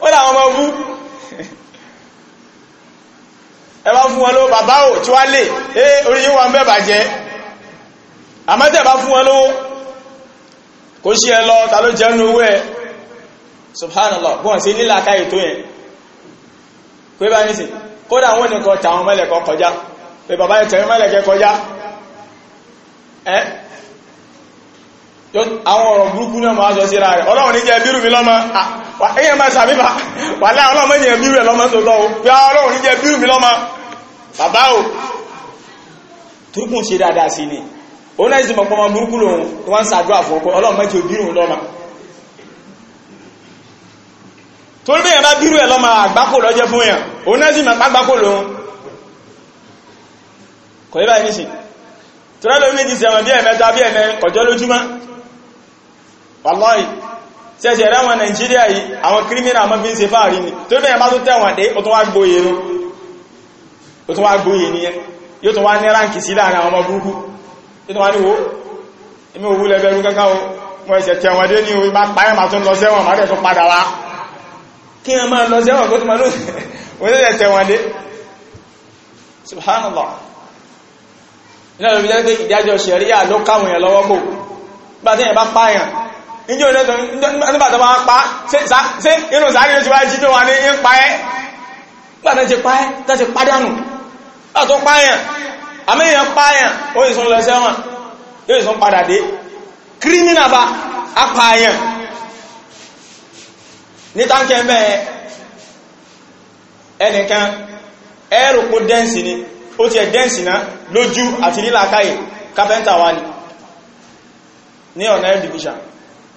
o na ọmọ bú ẹwà fún wọn lówó bàbá ò tí wá lè é orí yíò wà ń bẹ́bà jẹ́ àmọ́tẹ̀ bá fún wọn lówó kò ṣe ẹ lọ ta ló jẹ́ owó ẹ subhanallah bọ́n sí nílà káyì tó yẹn pé bá ní kódà wọn ní kọ àwọn ọ̀rọ̀ burúkú náà sọ rẹ̀ ọlọ́run ní jẹ́ èyàn máa sàmífà wà láà ọlọ́mọ ènìyàn bírù ẹ̀ lọ́mọ tó lọ bí ọlọ́run ní jẹ́ bírù mi lọ́mọ bàbá o tókùn ṣe dáadáa sí ni ó náà sì mọ̀pọ̀ ọmọ burúkú lòun wọ́n ń sàdúrà fún ọkọ̀ ọlọ́run mẹ́jọ bírù lọ́mọ torí bí èyàn bá bírù ẹ̀ lọ́mọ àgbákò lọ́jẹ́ fún èyàn ó náà sì mọ̀pá àgbákò lòun kọ̀ yí báyìí nísìn torí ẹlòmí ti sẹ̀wọ̀n bí ẹ̀mẹ́ta bí ẹ̀mẹ́ kọjọ́ lójúmọ́ wàlọ́yìí ṣẹ̀ṣẹ̀ rẹ̀ wọn Nàìjíríà yìí àwọn kírímìnà àmọ́ fi ń ṣe fáàrí ni tó bẹ̀rẹ̀ bá tó tẹ̀wọ̀n dé ó tún wá gbóyè ní ó tún wá gbóyè ní ẹ yóò tún wá ní ránkì sí láàrin àwọn ọmọ burúkú yóò tún wá ní wo èmi òwú lẹ́bẹ̀rú kankan o mo ẹ̀ṣẹ̀ tẹ̀wọ̀n dé ní o bá páyẹ̀ máa tún lọ sẹ́wọ̀n máa dẹ̀ tún padà wá kí ẹ máa lọ sẹ́wọ̀n kó tún máa lóṣẹ̀ tẹ̀wọ̀n dé subhanallah iná lóbi jẹ́ pé ìdájọ́ ṣẹ̀ríyà ló káwọn èèyàn lọ́wọ́ kò gbàtẹ́yìn bá páyàn níjẹ́ olóòtọ́ nígbàtọ́ bá pa ṣe inú sáré ló ti wá jí tó wà ní ń pa ẹ́ gbàtọ́ ti pa ẹ́ tó ti pádánù látọ́ páyàn àmìyàn páyàn ó ìsún lọ sẹ́wọ̀n yóò ìsún padà dé kírímínà bá apààyàn ní táǹkẹ́ mẹ́ ẹnìkan ẹ̀rù kó dẹ́ǹsì ni ó ti ẹ̀ dẹ́ǹsì náà lójú àti nílàkáyè kápẹ́ntà wà ní ọ̀nà ẹ̀dìbìṣàn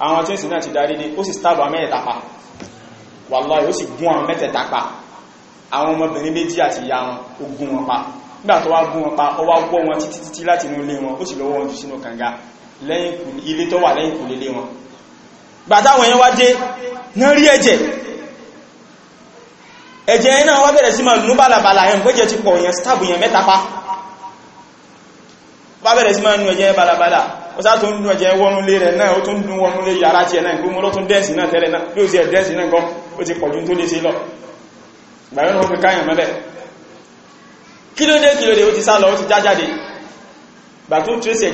àwọn tí ó sì náà ti darí dé ó sì stab àwọn mẹ́tẹ̀ẹ̀ta pa wàláhì ó sì gún àwọn mẹ́tẹ̀ẹ̀ta pa àwọn ọmọbìnrin méjì àti ìyá wọn ó gún wọn pa nígbà tó wá gún wọn pa ó wá wọ́ wọn títí títí láti inú ilé wọn ó sì lọ́wọ́ wọn jù sínú kànga lẹ́yìn ilé tó wà lẹ́yìn kùlé lé wọn gbàtàwọn ó sá tó ń dún ẹ̀jẹ̀ wọnú lé rẹ̀ náà ó tó ń dún wọnú lé yàrá tiẹ̀ náà gbómọ́ lọ́tún dẹ́ẹ̀sì náà tẹ́lẹ̀ náà bí ó ti ẹ̀ dẹ́ẹ̀sì náà gan ó ti pọ̀jú tó lé sí lọ gbàyọ́nà ó fi káyàn mọ́lẹ̀ kílódé kílódé ó ti sá lọ ó ti já jáde gbà tó tírésì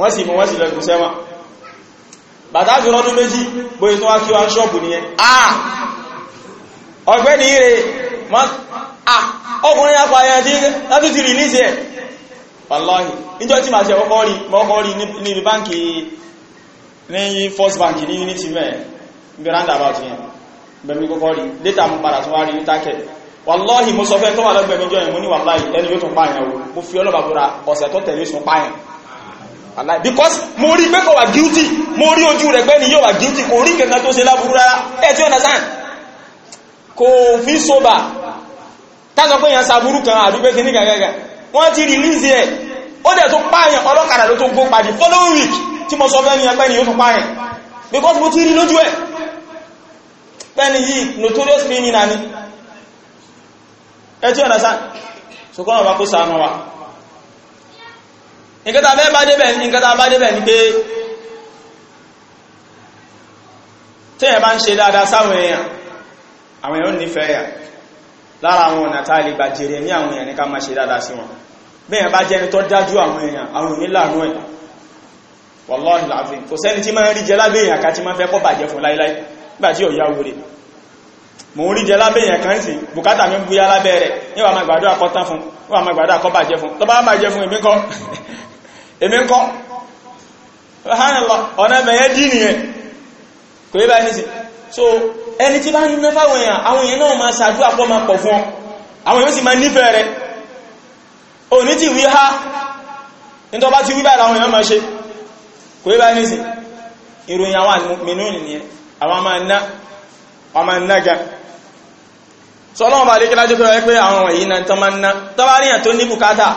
wọ́n sì mú wọ́n sì lẹ́gùn sẹ́wà bàtà fi rọ́dún méjì bóyí tó wá kí wá ṣọ́pù nìyẹn ah ire ah! ọkùnrin a ayẹ́ tí látú rí ní first bank bẹ̀mí kọ́kọ́ rí data mú padà tó wá rí ní tákẹ̀ wàláhì mo sọ fẹ́ tó wà lọ́gbẹ̀mí jọ ìmú ẹni yóò tún wo mo fi ọlọ́bàbúra ọ̀sẹ̀ tó tẹ̀lé Allah because mo rí pé kò wà guilty mo rí ojú rẹ̀ pé ni yóò wà guilty kò rí nǹkan tó ṣe láburú rárá ẹ tí understand kò fi sóbà tásọ pé èèyàn sàbúrú kan àdúgbé kìíní gàgàgà wọ́n ti release ẹ̀ ó dẹ̀ tó pààyàn ọlọ́kadà ló tó gbó padì following week tí mo sọ ni yóò because mo ti rí lójú ẹ̀ pẹ́ni yìí notorious meaning nani ẹ understand so ọba kó wa nǹkan tá a fẹ́ bá débẹ̀ ní nǹkan tá a bá débẹ̀ ní pé téèyàn bá ń ṣe dáadáa sáwọn èèyàn àwọn èèyàn nífẹ̀ẹ́ yà lára àwọn ọ̀nà tá a lè gbàjèrè ní àwọn èèyàn ní ká máa ṣe dáadáa sí wọn bẹ́ẹ̀ bá jẹ́ni tó dájú àwọn èèyàn àwọn òní láàánú ẹ̀ wallahi alazim kò sẹ́ni tí máa ń rí jẹ lábẹ́ èèyàn kan tí máa fẹ́ kó bàjẹ́ fún èmi ọ na ọ̀hánàlọ́ ọ̀nà ẹ̀mẹ̀yẹ dí nìyẹn kò yí so ẹni tí bá ń ná fáwọn àwọn èèyàn náà ma ṣàdúrà pọ̀ máa pọ̀ fún ọ àwọn èèyàn sì ti wí ha nítorí bá ti wí báyìí àwọn èèyàn ṣe kò yí bá àwọn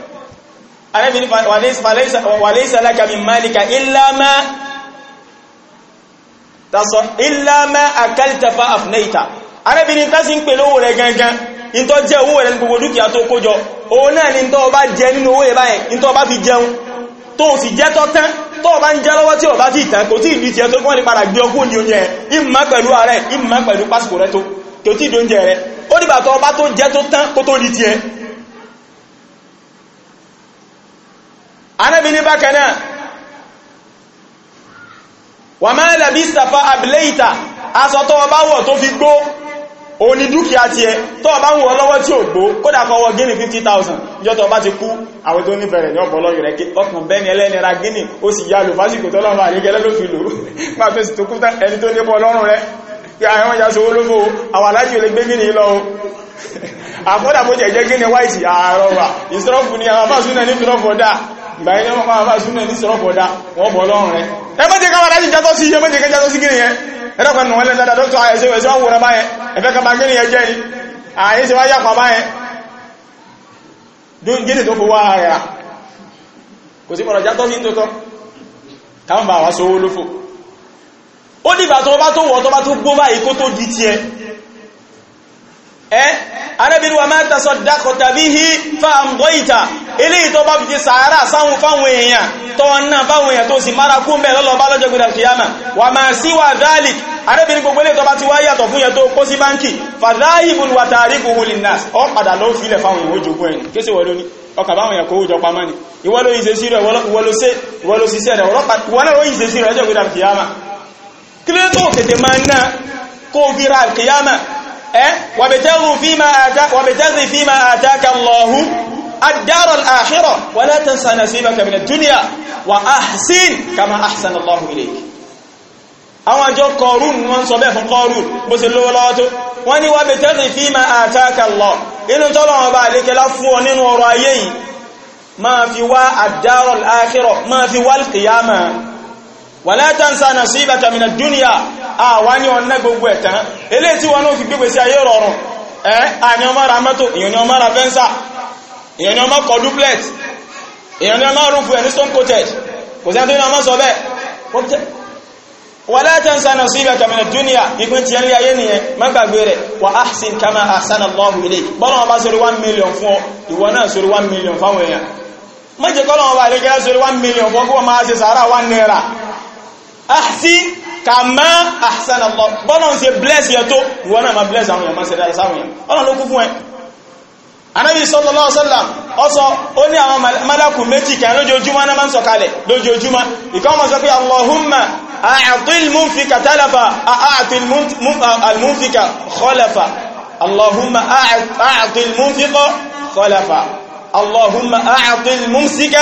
Ànábì ní wàlẹ́sà lákàmì málìkà ìlàmà àkálìtàfà àfúnẹ́ìta. Ànábì ní tásí ń pè lówó rẹ̀ gangan, in tó jẹ owó rẹ̀ gbogbo dúkìá tó kójọ, òun náà ni tó bá jẹ nínú owó ìbáyẹn, in tó bá fi jẹun, tó sì jẹ́ tọ́ tán, tó bá ń jẹ lọ́wọ́ tí ó bá ti tán, kò tí ìlú ti ẹ tó kọ́ ní padà gbé tó, kò jẹ anábi ní bákanáà wà máa làbí sàfà àbìlẹ́ìta aṣọ tó ọba wọ̀ tó fi gbó o dúkìá ti ẹ tó ọba ń wọ lọ́wọ́ tí ò gbó kódà kó wọ gíní 50,000 jọ tó ọba ti kú àwọn tó nífẹ̀ẹ́ ní ọ̀pọ̀lọ́ rẹ̀ kí ọkàn bẹ́ni ẹlẹ́nira gíní ó sì yá lò fásitì tó lọ́wọ́ àrígẹ́lẹ́ ló fi lò pàtó sì tó kú ẹni tó nípọ̀ lọ́rùn rẹ̀ pé àwọn ìyá sọ jẹ́ gíní white àárọ̀wà ìsọ́fù ni àwọn afásúnà ní ìsọ́fù ọ̀dá ìgbàyẹ̀ lọ́wọ́ máa bá súnmọ̀ ní sọ́rọ̀bọ̀dá wọ́n bọ̀ lọ́rùn rẹ̀ ẹ mọ́ jẹ́ ká wọ́n dájí játọ́ sí iye mọ́ jẹ́ ká játọ́ sí gírí yẹn ẹ̀dọ́kọ̀ nù wọ́n lẹ́ dáadáa dókítọ̀ àyẹ̀sẹ̀ wẹ̀ sí wọ́n wòrán báyẹn ẹ̀fẹ́ kan bá gírí yẹn jẹ́ ni àyẹ̀sẹ̀ wá yàpá báyẹn gírí tó fowó ara rẹ̀ kò sí mọ̀rọ̀ játọ́ sí ń tótọ́ káwọn bá wá sówó lófò ó dìgbà tó bá tó wọ́ tó bá tó gbó báyìí kó tó di tiẹ̀ ẹ́ eh, anábìnrin wa máa tẹ́sọ dákọ̀ tàbí hí fáàmdọ́ìta ilé ìtọ́ bá fi ti sàárà sáwọn fáwọn èèyàn tọ́ náà fáwọn èèyàn tó sì mara kún bẹ́ẹ̀ lọ́lọ́ bá lọ́jọ́ gbẹ̀rẹ̀ kìyàmà wà máa síwà dhalik arábìnrin gbogbo ilé ìtọ́bá ti wá yàtọ̀ fún yẹn tó kó sí báńkì ni ìwọ ló yìí ṣe sí rẹ̀ ìwọ ló ṣiṣẹ́ rẹ̀ wọ́n ló yìí ṣe sí rẹ̀ ọjọ́ gbẹ̀rẹ̀ kìyàmà kí ló tó tètè máa ń ná kó fi kìyàmà وابتغ فيما آتاك وابتغ فيما آتاك الله الدار الآخرة ولا تنسى نصيبك من الدنيا وأحسن كما أحسن الله إليك àwọn àjọ kọrún wọ́n sọ bẹ́ẹ̀ fún kọrún bó ṣe lówó lọ́wọ́ tó wọ́n ní wà bẹ̀tẹ́rì ma àtàkà lọ inú tọ́lọ̀wọ́ wàlá tansa nasibaka mina dunya a wá ní ọ̀nà gbogbo ẹ̀tàn eléyìí tí wọn náà fi gbégbé sí ayé rọrùn ẹ́ àní ọmọ ara mẹ́tò èèyàn ni ọmọ ara fẹ́ńsà èèyàn ni ọmọ kọ duplet èèyàn ọmọ rúfu ẹni stone coated kò sẹ́ni tó ní ọmọ sọ bẹ́ẹ̀ wàlá tansa nasibaka mina dunya ìpín tiẹ̀ ní ayé nìyẹn má gbàgbé rẹ̀ wà ahsin kama ahsana Allahu ilayk bọ́lá wọn bá one million fún ọ ìwọ one million fáwọn èèyàn má jẹ́ kọ́lọ́ wọn bá one million fún ọ kí wọ́n máa ṣe sàárà one naira ahsin kàmá ahsan Allah bọ́nà ń ṣe bless yẹ tó ìwọ náà ma bless àwọn èèyàn ṣe dára sáwọn èèyàn ọ̀nà ló kú fún ẹ anábì sallallahu alaihi wasallam ọsọ ó ní àwọn málàkù méjì kan lójoojúmọ́ náà máa ń sọ̀kalẹ̀ lójoojúmọ́ ìkan máa sọ pé Allahumma a'til munfika talafa a'til munfika khalafa Allahumma a'til munfika khalafa Allahumma a'til mumsika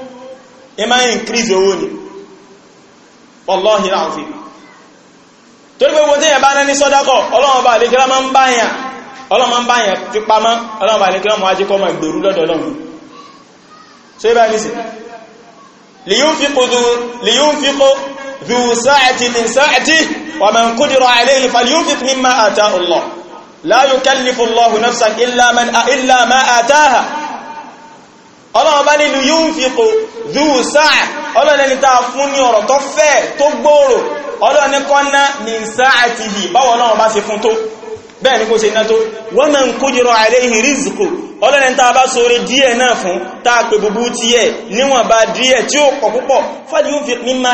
ẹ máa increase owó ni wallahi láàfin torí pé wọ́n tí yẹn bá ní sọ́dákọ̀ ọlọ́run bá àlékírá máa ń báyàn ọlọ́run bá yẹn fi pamọ́ ọlọ́run bá àlékírá mọ́ ajíkọ́ mọ́ ìgbèrú lọ́dọ̀ ọlọ́run so ibá ní sí liyunfiqu dhu sa'atin min sa'atihi wa man qudira alayhi falyunfiq mimma ataahu Allah ọlọ́run bá nílùú yóò ń fi kò zúù sáà ọlọ́run ẹni tàà fún ní ọ̀rọ̀ tó fẹ́ tó gbòòrò ọlọ́run kọ́nà ní sáà ti yìí báwọn ọlọ́run bá ṣe fún tó bẹ́ẹ̀ ni iná tó wọ́n mẹ́ ń ọlọ́run tàà bá fún tàà pé búbú ti níwọ̀n bá díẹ̀ tí ó pọ̀ púpọ̀ fi mímá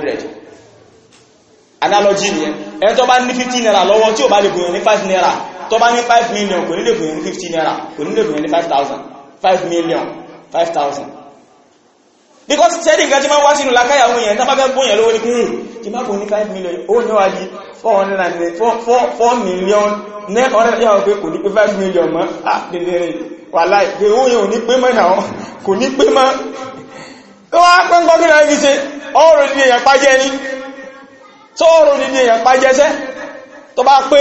àtà analogy ni ẹni tó bá ní 15 naira lọ́wọ́ tí ò bá lè bùyàn ní 5 naira tó bá ní 5 million kò ní lè bùyàn ní 15 naira kò ní lè bùyàn ní 5,000 5 million 5,000 because tẹ́lì nǹkan tí máa wá sínú lákáyàwó yẹn náà fẹ́ bóyàn lówó ní kúrò tí máa bò ní 5 million ó ní wá di 4 million nẹ́ẹ̀kọ́ rẹ̀ yà wọ́n pé kò ní pé 5 million mọ́ àdìdìrì ah, wà láì pé owó yẹn ò ní pé mọ́ ìnáwó kò ní pé mọ́ tó wá pẹ́ ń gbọ́gbìnrin ṣe ọ̀rọ̀ ìdíyẹ̀ pàjẹ́ ní tóòrò ní èyàn pa jẹsẹ́ tó bá pé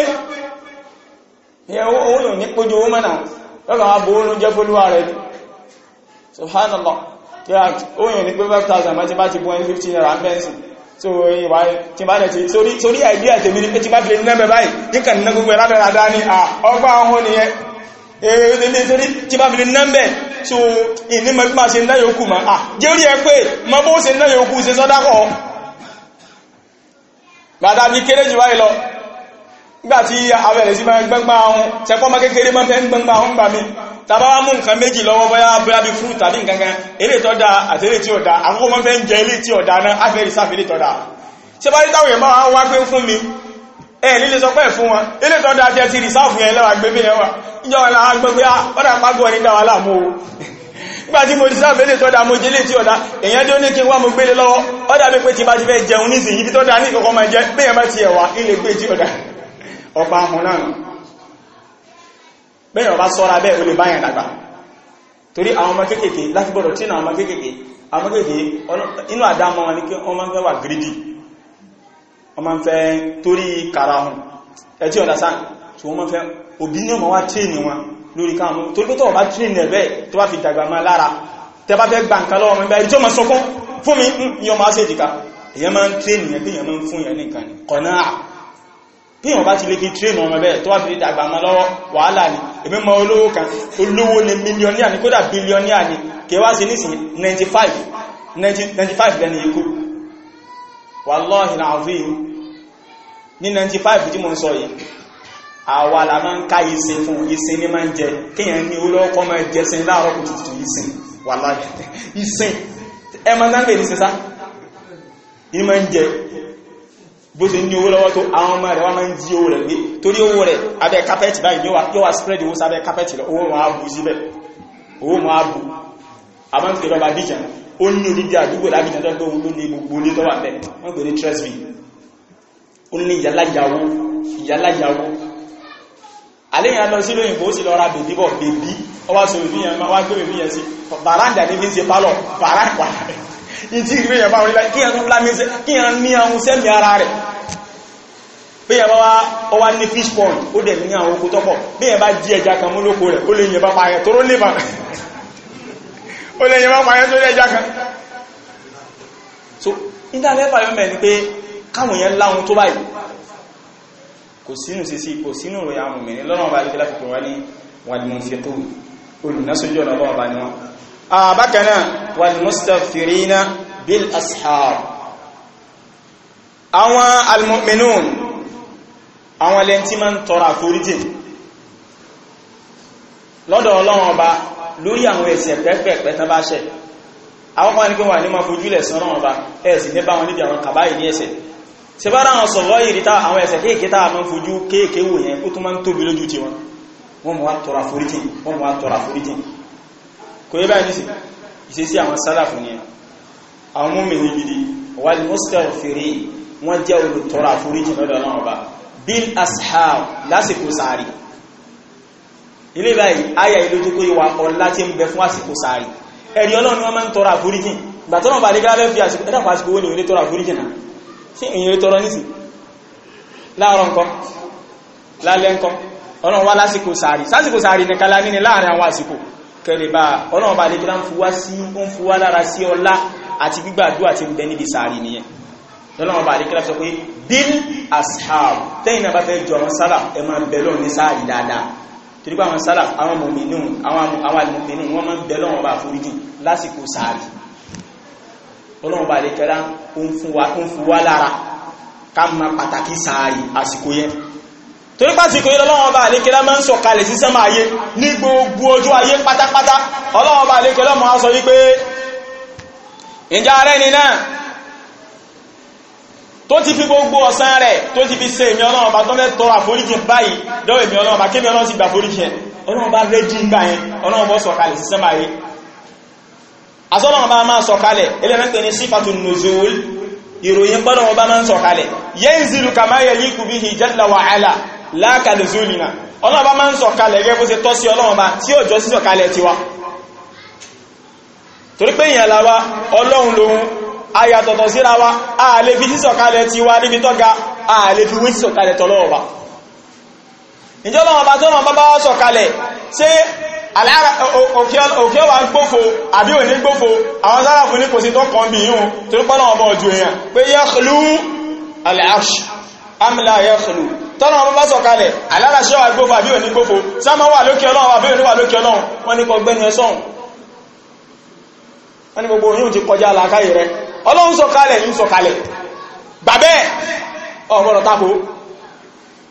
ìyẹn òun ò ní pójú owó mẹ́nà lọ́nà àbò oòrùn jẹ́ fólúwà rẹ̀ ní subhanallah oòrùn ní pé 5,000 mẹ́tí bá ti bú ẹni 15 naira bẹ́ẹ̀sì tó oyin wáyé tí bá dẹ̀ ti sórí àìdíà tèmi eh, ní tí bá fi nẹ́bẹ̀ báyìí níkà nínú gbogbo ẹlábẹ̀rẹ̀ àdá ní ọgbà ọhún nìyẹn èèrè torí tí bá fi nẹ́bẹ̀ tó ìní mẹ́bí máa ṣe náyókù ma jẹ́ orí ẹ pé mọ́bó ṣe náyókù ṣe sọ́dákọ̀ọ́ bàtà bí kéré jù báyìí lọ nígbàtí abẹ̀rẹ̀ sí máa gbẹ́gbà ahun tẹ́kọ́ máa kékeré máa fẹ́ ń gbẹ́gbà ahun gbà mí tàbá wá mú nǹkan méjì lọ́wọ́ bóyá bóyá bí fún tàbí nǹkan kan eré tó da àti eré tí ò da àkókò máa fẹ́ ń jẹ eré tí ò da náà áfẹ́rì sáfẹ́rì tó da ṣe bá rí táwọn èèyàn máa wá pé fún mi ẹ nílé sọ pé fún wọn eré tó da tẹ́ ti rìsáàfù yẹn lọ́wọ́ gbẹ́gbẹ́ yẹn wà níjọ́ wọn làwọn gbẹ́gbẹ́ ọ̀dà ah, pàgọ́ ní dáwà láàmú o nígbà tí mo rí sáà fẹ́lẹ̀ tọ́dá mo jẹ́lé tí ọ̀dá èyàn tí ó ní kí wá mo gbélé lọ́wọ́ ọ̀dá bí pé ti bá ti fẹ́ jẹun nísìn yìí tọ́dá ní kọ̀kọ́ ma jẹ bí ẹ̀mọ́ ti ẹ̀wà ilé gbé tí ọ̀dá ọ̀pá ahùn náà bẹ́yàn bá sọ́ra o lè báyàn dàgbà torí àwọn ọmọ kéékèèké lórí káàmù tó lótọ́ ọ̀bá train ẹ̀bẹ́ tó bá fi dàgbà máa lára tẹ bá fẹ́ gbà nǹkan lọ́wọ́ mẹ́bẹ́ ìjọ ma sọkún fún mi ní ọmọ á sèjìká èyàn máa ń train yẹn bí èyàn máa ń fún yẹn nìkan ni bí wọ́n bá ti lè fi train ọmọ bẹ́ẹ̀ tó bá fi dàgbà máa lọ́wọ́ wàhálà ni èmi mọ olówó kan olówó ni mílíọ̀nìà ni kódà bílíọ̀nìà ni kẹwàá sí nísìn 95 lẹ́ni ikú wàláhì láàrín ní 95 tí mo sọ yìí àwa la máa ń ká ìsìn fún ìsìn ní máa ń jẹ kéèyàn ní olóòkọ́ máa jẹsìn láàárọ̀ kùtùkùtù ìsìn wà láyé ìsìn ẹ máa dáńgbè ní sísá ní máa ń jẹ bó ṣe ní owó lọ́wọ́ tó àwọn ọmọ rẹ̀ wá máa ń jí owó rẹ̀ gbé torí owó rẹ̀ abẹ́ kápẹ́tì báyìí yóò wá spread owó sábẹ́ kápẹ́tì lọ owó máa bù síbẹ̀ owó máa bù àbáǹkẹ́ lọ́ba díjàn ó ní onídìí àdúgbò lábìjàn tó gbóhun ló gbogbo ní tọ́wà bẹ́ẹ̀ wọ́n pè ní tresby ó ní ìyáláyàwó ìyáláyàwó àléyàn lọ sí lóyìnbó ó sì lọ ra bèbí bọ̀ bèbí ọwá sọ bèbí yẹn wá gbé bèbí yẹn sí bàrándà ní fi ń ṣe pálọ̀ ìgbé yẹn bá wọn kí yẹn lámí kí yẹn ní àwọn sẹ́mi ara rẹ̀ bí yẹn bá wá ní fish pond ó dẹ̀ ní àwọn oko tọ́pọ̀ bí yẹn bá ẹja kan mú lóko rẹ̀ ó lè yẹn bá pa tóró ó lè yẹn bá pa kò sínú sí sí kò sínú rẹ̀ àwọn mẹ́rin lọ́nà bá ìkẹ́lá fi pè wọ́n ní wàlìmọ̀fẹ́kù olùnásójú ọ̀nà bá ní wọn àbákaná wàlìmọ̀sítàfìrínà bil ashar àwọn almu'minun àwọn lẹ́n tí ma ń tọrọ àforíjì lọ́dọ̀ ọlọ́run ọba lórí ṣe bára àwọn sọ̀rọ̀ ìrítà àwọn ẹ̀ṣẹ̀ kéèké tàà mọ́ fojú kéèké wò yẹn ó tún máa ń tóbi lójú ti wọn wọ́n mọ̀ wá tọrọ àforíjìn wọ́n mọ̀ wá tọrọ àforíjìn kò yẹ báyìí nísì ìṣesí àwọn sálàfù ni àwọn mọ́mìnì gidi wà ní mọ́sítẹ̀rù fèrè wọ́n jẹ́ olùtọrọ àforíjìn lọ́dọ̀ náà ọba bil ashab lásìkò tí èyàn tọrọ nìsì láàárọ̀ nǹkan lálẹ́ nǹkan ọlọ́run wá lásìkò sàárì sásìkò sàárì ní kala ní láàrin àwọn àsìkò kẹrìbà ọlọ́run bá lè kí láń fúwá sí ó ń fúwá lára sí ọlá àti gbígbàdúrà ti ń níbi sàárì nìyẹn ọlọ́run bá lè kí ashab tẹ́yìn náà bá fẹ́ jọ àwọn sálà ẹ máa bẹ̀ lọ́run ní sàárì dáadáa torí pé àwọn sálà àwọn mòmìnú àwọn àlùmọ̀mìnú wọ́n máa ń ó ń fún wa ó ń fún wa lára ká ma pàtàkì sáàrì àsìkò yẹn torí pàtàkì yẹn lọ́wọ́ bá àlékẹ́lá máa ń sọ kalẹ̀ sí sánmà ayé ní gbogbo ojú ayé pátápátá ọlọ́wọ́ bá àlékẹ́lá máa sọ wípé ìjà rẹ̀ ni náà tó ti fi gbogbo ọ̀sán rẹ̀ tó ti fi ṣe èmì ọlọ́run bá tó mẹ́ tọrọ àforíjì báyìí lọ́wọ́ èmì ọlọ́run bá kébì ọlọ́run ti gbà àforíjì ẹ̀ ọlọ́run bá rẹ́ jí ń gbà yẹn ọlọ́run bọ́ sọ̀kalẹ̀ sí sánmà ayé asọ́lọ́wọ́ bá máa sọ̀kalẹ̀ ilẹ̀mẹ́pẹ̀ ní sífàtún nùzúl ìròyìn pọ́lọ̀wọ́ bá máa sọ̀kalẹ̀ yanzilu kama yaliqu bihi jalla wa ala la ka nuzulina ọlọ́wọ́ bá máa sọ̀kalẹ̀ gẹ́gẹ́ bó ṣe tọ́ sí ọlọ́wọ́ bá tí ó jọ sí sọ̀kalẹ̀ tiwa torí pé ìyàn láwa ọlọ́run lòun ayàtọ̀tọ̀ síra wa a lè fi sísọ̀kalẹ̀ tiwa níbi tọ́ga òkè wà ń gbófo àbí òní gbófo àwọn sáràfù ní kò sí tó kàn bí yíò tó ń pọ́nà ọmọ ọjọ́ èèyàn pé yakhlu al-arsh am la yakhlu tọ́nà ọmọ bá sọ̀kalẹ̀ aláràṣẹ́ wà gbófo àbí òní gbófo sáma wà lókè ọlọ́run àbí òní wà lókè ọlọ́run wọ́n ní kọ gbẹ́ni ẹsọ́n wọ́n ní gbogbo yíò ti kọjá làákàyè rẹ ọlọ́run sọ̀kalẹ̀ yíò sọ̀kalẹ̀ bàbẹ́ ọmọ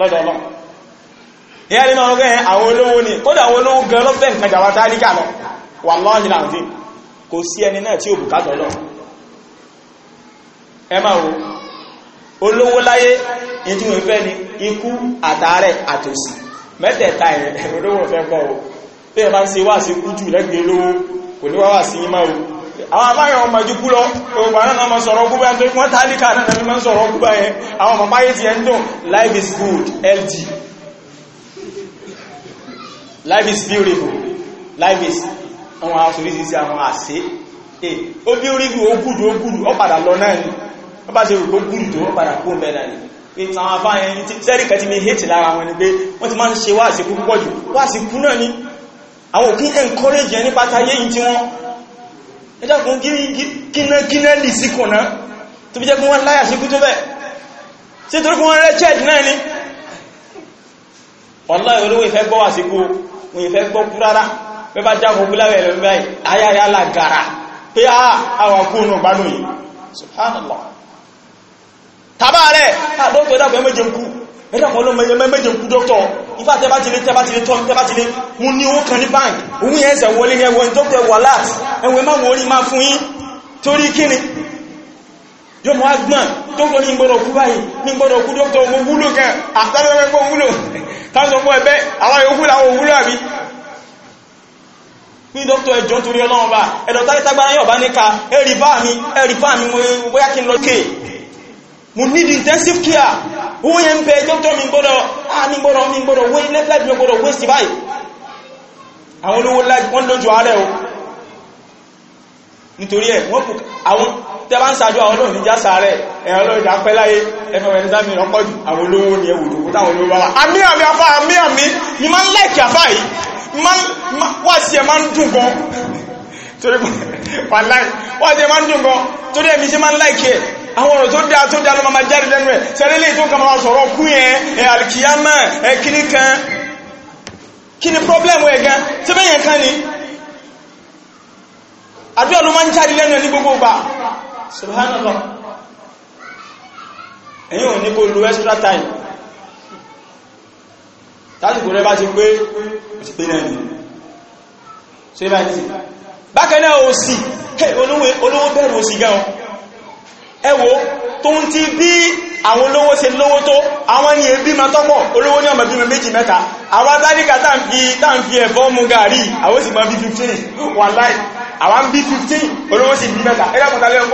lọ́dọ̀ ọlọ́run ìyá ni máa ń gbẹ́ àwọn olówó ni kódà àwọn olówó gan ló fẹ́ nǹkan jàwátá níkà lọ wà lọ́ọ̀yìn láàrín kò sí ẹni náà tí ò bùkátọ̀ lọ ẹ máa wo olówó láyé ìtí wọn fẹ́ ni ikú àtàárẹ̀ àtòsí mẹ́tẹ̀ẹ̀ta ẹ̀rọ olówó fẹ́ kọ́ o àwọn abáyàn ọmọ jù kú náà ma sọ̀rọ̀ ọgbúgbà ẹni tó wọ́n tàálíkà náà ni ma ń sọ̀rọ̀ ọgbúgbà àwọn ọmọ báyé ti ẹni life is good LG. life is beautiful life is àwọn aṣòrísí sí àwọn àṣẹ ẹ ó bí orígun ó gùdù ó gùdù ó padà lọ náà ni ó bá ṣe rò ó gùdù tó ó padà kó mẹ́ta ni ìtàn àbáyẹn tí sẹ́rì kẹ́ ti mi àwọn òkín encourage ẹni pátáyé yìí tí wọ́n ẹjọ́kùn gínágíná lì sí kùnà tó fi jẹ́ kún wọ́n láyà sí kú tó bẹ̀ sí torí kún wọ́n rẹ̀ chẹ́ẹ̀dì náà ni ọ̀lá olówó ìfẹ́ gbọ́ wà sí kú wọ́n ìfẹ́ gbọ́ kú rárá pé bá já gbogbo láwẹ̀ rẹ̀ báyìí ayáyá làgàrà pé á ah, àwọn kú nù gbádùn yìí subhanallah tàbá rẹ̀ àdókòó dàpọ̀ méje ń kú méje ń kú dókítọ̀ ifá tẹ́bá ti lé tẹ́bá ti lé tọ́m tẹ́bá ti lé mú ní owó kan ní báńkì owó yẹn ẹsẹ̀ wọlé ẹwọ tó tẹ wà láti ẹwọ máa wọlé máa fún yín torí kíni yóò mọ́ agbọ́n tó ń kọ́ ní gbọ́dọ̀ kú báyìí ní gbọ́dọ̀ kú dókítà owó wúlò kan àtàlẹ́wẹ́gbọ́ wúlò tásọ̀gbọ́ ẹ̀bẹ́ àwọn yòókù làwọn òwúlò àbí ní dókítà ẹjọ́ torí ọlọ́run bá ẹ̀dọ̀ tágbára yóò bá ní ká ẹ̀rì fáàmì ẹ̀rì fáàmì mo bóyá kí n lọ kéè mo need intensive care owó yẹn ń bẹ dókítà mi gbọ́dọ̀ ah mi gbọ́dọ̀ mi gbọ́dọ̀ wé lẹ́fẹ̀lẹ́ mi gbọ́dọ̀ wé sí báyìí àwọn olówó wọ́n lójú ààrẹ o nítorí ẹ̀ wọ́n kù àwọn tẹ́bá ń sàájú àwọn olóòrùn níjá sàárẹ̀ ẹ̀rọ lórí ìdápẹ́ láyé ẹfẹ̀wẹ̀ ní sáàmì ọpọ̀jù àwọn olówó ni ẹwù tó táwọn olówó wá àmì àmì afá àmì àmì ni máa ń lẹ́ẹ̀kì afá yìí wá sí ẹ máa ń dùn gan torí wà láì wá sí ẹ máa ń dùn gan torí ẹ̀mí sí máa ń lẹ́ẹ̀kì ẹ̀ àwọn ọ̀rọ̀ tó dáa tó dáa ló máa jáde lẹ́nu ẹ̀ sẹ́lẹ̀lẹ́ tó kàn máa sọ̀rọ̀ kú yẹn ẹ̀ alìkìyàmà ẹ̀ kíní kan kí ni problem ẹ̀ gan tí bẹ́ẹ̀ yẹn kan ni àdúrà ló máa ń jáde lẹ́nu ẹ̀ ní gbogbo gbà subhanallah ẹ̀yìn ò ní kó lu extra time tásìkò rẹ bá ti pé ó ti pé náà ni ṣe bá ti bákan náà ó sì olówó bẹ̀rù ó sì gan-an ẹwò tó ń ti bí àwọn olówó ṣe lówó tó àwọn ni èébí ma tọ́pọ̀ olówó ní ọmọ bímọ méjì mẹ́ta àwọn tálíkà tá ń fi ẹ̀fọ́ mu gàrí àwọn sì máa bí 15 wà láì àwọn bí 15 olówó sì bí mẹ́ta ẹgbẹ́kọ̀ta lẹ́yìn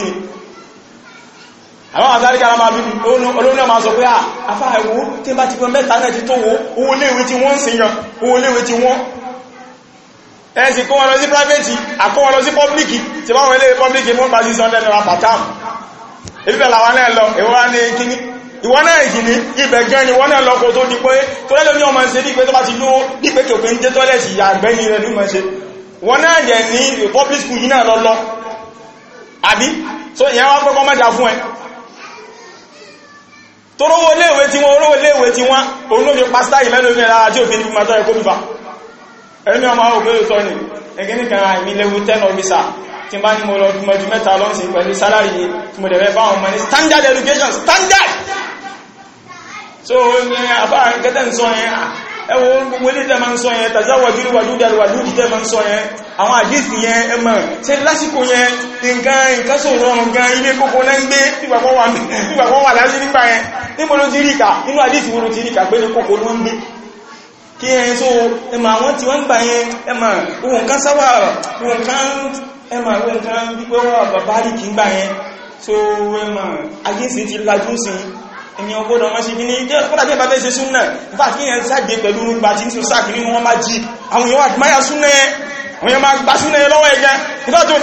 25 àwọn àzáríkà ara máa bí olóòrùn máa sọ pé à afá ẹ̀wò tí bá ti pẹ mẹ́ta náà ti tó wo owó léèwé tí wọ́n ń sin yan owó léèwé tí wọ́n ẹ̀sì kó wọn lọ sí private àkó wọn lọ sí public tí bá wọn public mú pa sí sunday naira per term ìbẹ̀ làwọn náà lọ ìwọ́n wá ní kíní ìwọ ni wọ́n náà lọ kó tó di pé tó lẹ́lẹ́ ní ọmọ ṣe dípé tó bá ti lówó dípé public school yìí náà lọ àbí so ìyẹn wá pẹ́kọ́ mẹ́ta fún ẹ tó rówó léèwé tí wọ́n rówó léèwé tí wọ́n òun ló pásítà ìmẹ́lò ní ara tí ò fi ẹkó bíbá ẹni ọmọ ògbèrò tọ́ ni ẹgbẹ́ nìkan àìmí lewu tí bá ní mo mẹ́ta lọ́nsìn standard education standard so ní afáàrin kẹ́tẹ́ ń sọ ẹwọ gbogbo ní tẹ́mà ń sọ yẹn tàzá wàjúrí wàjúdà wàjúdì tẹ́mà ń sọ yẹn àwọn àdísì yẹn ẹmọ̀ ṣe lásìkò yẹn nǹkan ìkásòrò nǹkan ilé kókó lẹ́ ń gbé nígbàkọ́ wà láti nígbà yẹn ti rí ìkà nínú àdísì wo ló ti rí ìkà gbé ní kókó ló ń gbé kí ẹyẹn so ẹmọ àwọn tí wọ́n gbà yẹn ẹmọ ohun kan so ẹmọ àdísì ti lajú ẹni ọgbọ́dọ̀ wọ́n sí ní jẹ́ kọ́lá bí ẹ̀bá fẹ́ ṣe súnnà fàtí kí yẹn sáàgbé pẹ̀lú gbà tí ní sáàkì nínú wọn máa jí àwọn èèyàn àdìmáyà súnnà ẹ ah, àwọn èèyàn ah, máa gbà súnnà ẹ lọ́wọ́ ẹgẹ́ ìfẹ́tò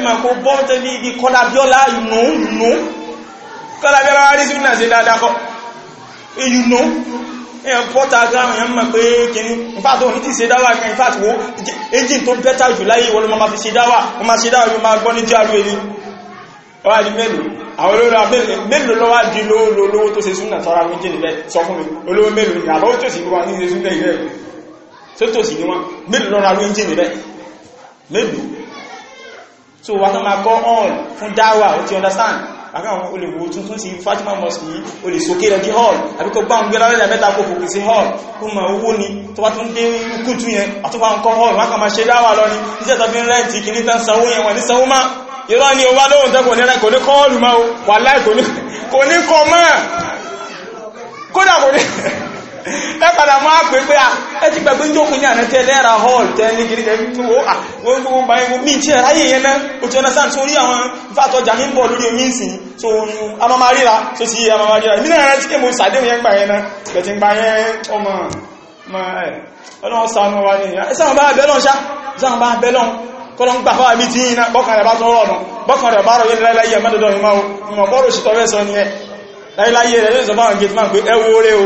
ní bọ́ tẹ́lẹ̀ ibi kọ́lá bíọ́lá ìnú ìnú kọ́lá bí ara rí súnà sí dáadáa kọ́ èyí nù èyàn pọ́ta gáàrùn èyàn mọ̀ pé kìíní ìfàtò ní ti ṣe dáwà kan ìfàtò wo ẹjìn tó bẹ́tà jù láyé ìwọ́n ló máa fi ṣe dáwà wọ́n máa ṣe dáwà yóò máa gbọ́ ní jù àrú èyí ọwá di mélòó àwọn olóòrò mélòó lọ́wọ́ di lówó tó ṣe súnà tọ́ra méjì nílẹ̀ sọ fún mi olówó mélòó ní àbọ̀ tó sì ní wọn ní ṣe súnà ilẹ̀ tó tó sì ní wọn mélòó lọ́ra méjì nílẹ̀ mélòó so wọn máa kọ́ all fún dáwà ó ti understand àkáwọn olè wo tuntun sí Fatima mosque yìí olè sókè lọ di hall àbíkọ bá ń gbéra lẹ́lẹ̀ mẹ́ta kò fòkè sí hall kó ma owó ni tó bá tún dé kùtù yẹn àtúbà ń kọ́ hall wọ́n kà ṣe dáwà lọ ní iṣẹ́ ẹ̀kọ́dà mọ́ ma pé à ẹ ti gbẹ̀gbẹ́ jókòó ní àná tẹ́lẹ̀ ra hall tẹ́lẹ̀ gidi tẹ́lẹ̀ tó wó à wọ́n gbogbo ń na mí tí ẹ̀rá yìí yẹn náà o ti ọ̀nàsán tó àwọn fàtọ̀ jà na bọ̀ lórí omi ìsìn so amamarira tó ti amamarira ìmínà rẹ̀ tí mo sàdéhùn yẹn gbà yẹn náà gbà yẹn ọmọ gbà bọ́kàn rẹ̀ bá tún bọ́kàn rẹ̀ bá mẹ́dọ̀dọ̀ ìmọ̀ sọ ní rẹ̀ yóò sọ fáwọn gẹ̀tìmá pé ẹwọ́ rẹ̀ o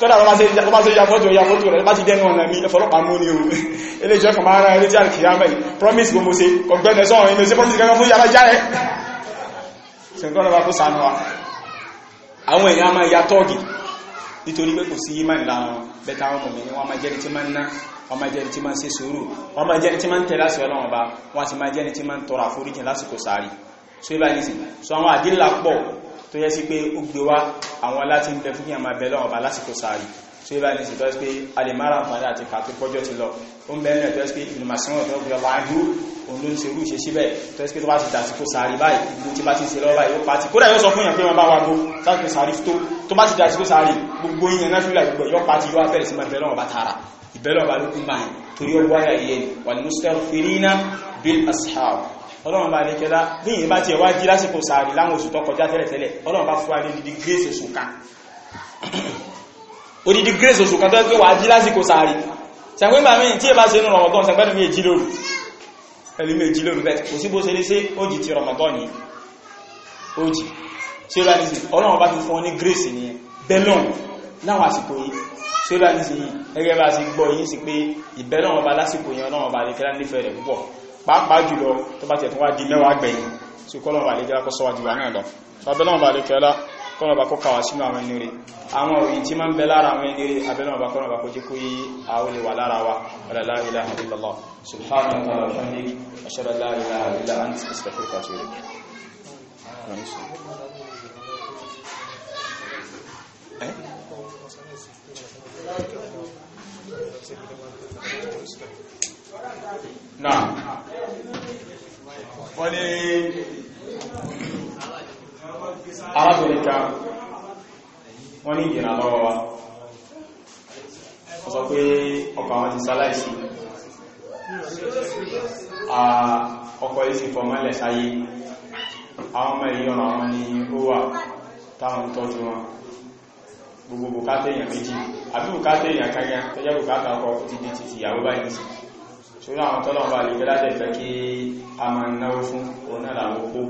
kọ́dà wọ́n bá ṣe yàfọ́tò yàfọ́tò rẹ̀ bá ti dẹ́nu ọ̀nà mi ẹfọ́lọ́pàá mú ní ohun eléjọ́ kan máa rán eré tí a kìí rámẹ́ promise gbogbo ṣe ọgbẹ́nẹ̀ sọ́rọ̀ inú sí promise gẹ́gẹ́ fún yàrá járe ṣẹ̀kọ́nà kó sànú wa àwọn èèyàn máa ya tọ́ọ̀gì nítorí pé kò sí yí máa ìlànà bẹ́ta àwọn ọmọ mi wọ́n máa jẹ́ni tí máa ń ná wọ́n máa jẹ́ni tí máa ń ṣe sùúrù wọ́n máa jẹ́ni tí máa ń tẹ̀ lásìkò ọlọ́wọ́n bá wọ́n ti máa jẹ́ni tí máa ń tọrọ àforíjìn lásìkò sáré so ibà nísìn so àwọn àdílà pọ̀ tó yẹ sí pé ó gbé wá àwọn láti ń bẹ fún kí a máa bẹ lọ́wọ́ bá lásìkò sàárì tó yẹ bá ní ìsìtọ́ pé alimara àǹfààní àti kàtó pọ́jọ́ ti lọ ó ń bẹ́ẹ̀ tó yẹ pé ìgbìmọ̀ sí wọn tó ń gbìyànjú àjú òun ló ń ṣe orúṣe síbẹ̀ tó yẹ pé tó bá ti dàsìkò sàárì báyìí gbogbo tí bá ti náà fúlà ashab ọlọ́run bá lẹ́kẹ́lá bí ìyìn bá ti ẹ̀wá jí lásìkò sàárì láwọn oṣù tó kọjá tẹ́lẹ̀tẹ́lẹ̀ ọlọ́run bá fún wa ní odidi grace oṣù kan odidi grace oṣù kan tó pé wà jí lásìkò sàárì sàgbé bàmí tí ẹ bá ṣe nù rọmọdán sàgbé mi èjì lóru pẹ̀lú mi èjì lóru bẹ́ẹ̀ kò sí bó ṣe lé sí òjì ti rọmọdán yìí òjì tí ó bá nìsí ọlọ́run bá ti fún ọ ní grace nìyẹn bẹ́lọ̀n láwọn àsìkò yìí tí pàápàá jùlọ tó bá tẹ̀ tó wá di mẹ́wàá gbẹ̀yìn tí kọ́lọ̀ wà lè jẹ́ akọ́sọ́ wájú wa náà lọ abẹ́lọ́wọ̀n bá lè kẹ́lá kọ́lọ̀ bá kó kàwà sínú àwọn ẹni rẹ̀ àwọn òyìn tí máa ń bẹ lára àwọn ẹni rẹ̀ abẹ́lọ́wọ̀n bá kọ́lọ̀ bá kó jẹ́ kó yí àwọn olè la ilaha illallah subhanahu wa ta'ala la ilaha illa anta wọ́n ní arábìnrin kan na ní ìdìnà lọ́wọ́ wa wọ́n sọ pé ọkọ àwọn ti sáláìsí ọkọ yìí sì fọmọ́lẹ̀ sáyé àwọn ọmọ èyí ọ̀nà àwọn ni ó wà táwọn gbogbo bùkátẹ̀ èèyàn méjì àbí bùkátẹ̀ èèyàn kankan torí àwọn tọ́lọ̀ bá lè gẹ́láṣẹ̀ fẹ́ kí a ma náwó fún onáàlàwókó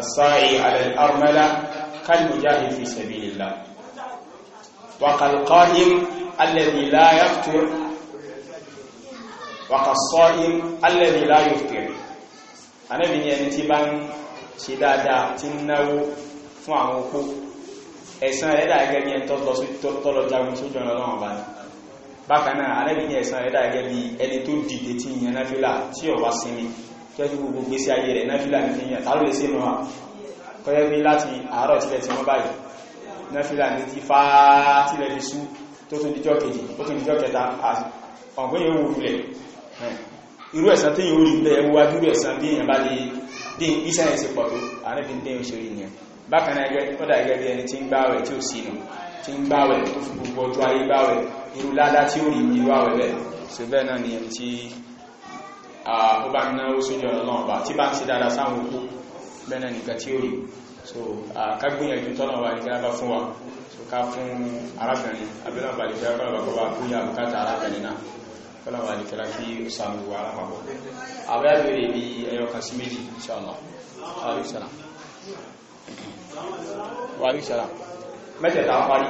asáàrí alẹ́lármẹ́lá kalmujahid fi sabilillah wa kalqa'im alladhi la yaftir wa kassa'im alladhi la yuftir gẹ́gẹ́ bí jagun sójú ọ̀nà ọlọ́wọ̀n bá bákanáà alẹ́bìnrin ẹ̀sán rẹ̀ dàgẹ́ bí ẹni tó dìde tí ìyẹn náfílà tí ọ̀wá sinmi tẹ́jú gbogbo gbésí ayé rẹ̀ náfílà ní fíyàn tààrù lè sínú à kọ́yẹ́ bí láti àárọ̀ tilẹ̀ ti mọ́ báyìí náfílà ní ti fà á tilẹ̀ fi sú tó tún díjọ́ kejì ó tún díjọ́ kẹta ọ̀gbọ́n yóò wù lẹ̀ irú ẹ̀sán tí yóò rí bẹ́ẹ̀ wá dúró ẹ̀sán bí èèyàn bá lè dín iṣẹ́ ẹ̀sìn pọ̀ tó àárín fi ń dín òṣèré yẹn bákan náà ó dàgẹ́ bí ẹni tí ń gbá rẹ̀ tí ò sínú tí ń gbáwẹ̀ tó fi gbogbo ọjọ́ ayé gbáwẹ̀ irú ládá tí ó rí irú àwẹ̀ bẹ́ẹ̀ sí bẹ́ẹ̀ náà nìyẹn tí ó bá ná ó sójú ọ̀nà náà bá tí bá ń ṣe dáadáa sáwọn òkú bẹ́ẹ̀ náà nìkan so ká gbìyànjú tọ́nà wa nìkan bá fún so ká fún arábìnrin abẹ́lẹ̀ àbàlẹ̀ fẹ́ ọlọ́run bàbá wa kúnyà bùkátà arábìnrin náà ọlọ́run àlèkẹ́ la kí ó sàmì wa alápapọ̀ àbẹ́ àbẹ̀rẹ̀ bí ẹyọ kan sí méjì mẹ́tẹ̀ẹ̀ta parí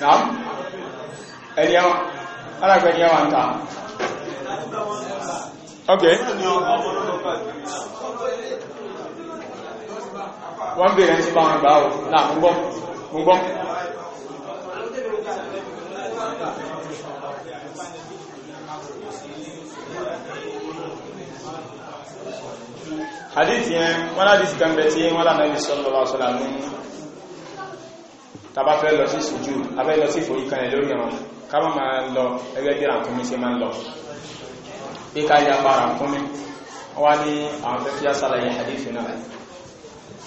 Nàám, ẹni ẹwà, alágbẹ̀ ni ẹwà ń ta. Ok. Wọ́n bèèrè ti bá wọn gbà ó, náà mú gbọ́, mú gbọ́ hadithi yẹn wọ́n láti ti kan bẹ̀ tí wọ́n láti Ànábì sallallahu alaihi wasallam tàbá fẹ́ lọ sí ìṣújú abẹ́ lọ sí ìfòyí kanẹ̀ lórí ẹ̀rọ káàmà máa lọ ẹgbẹ́ bí ràkúnmí ṣe máa lọ bí ká yá bá ràkúnmí wá ní àwọn fẹ́ fi á hadithi náà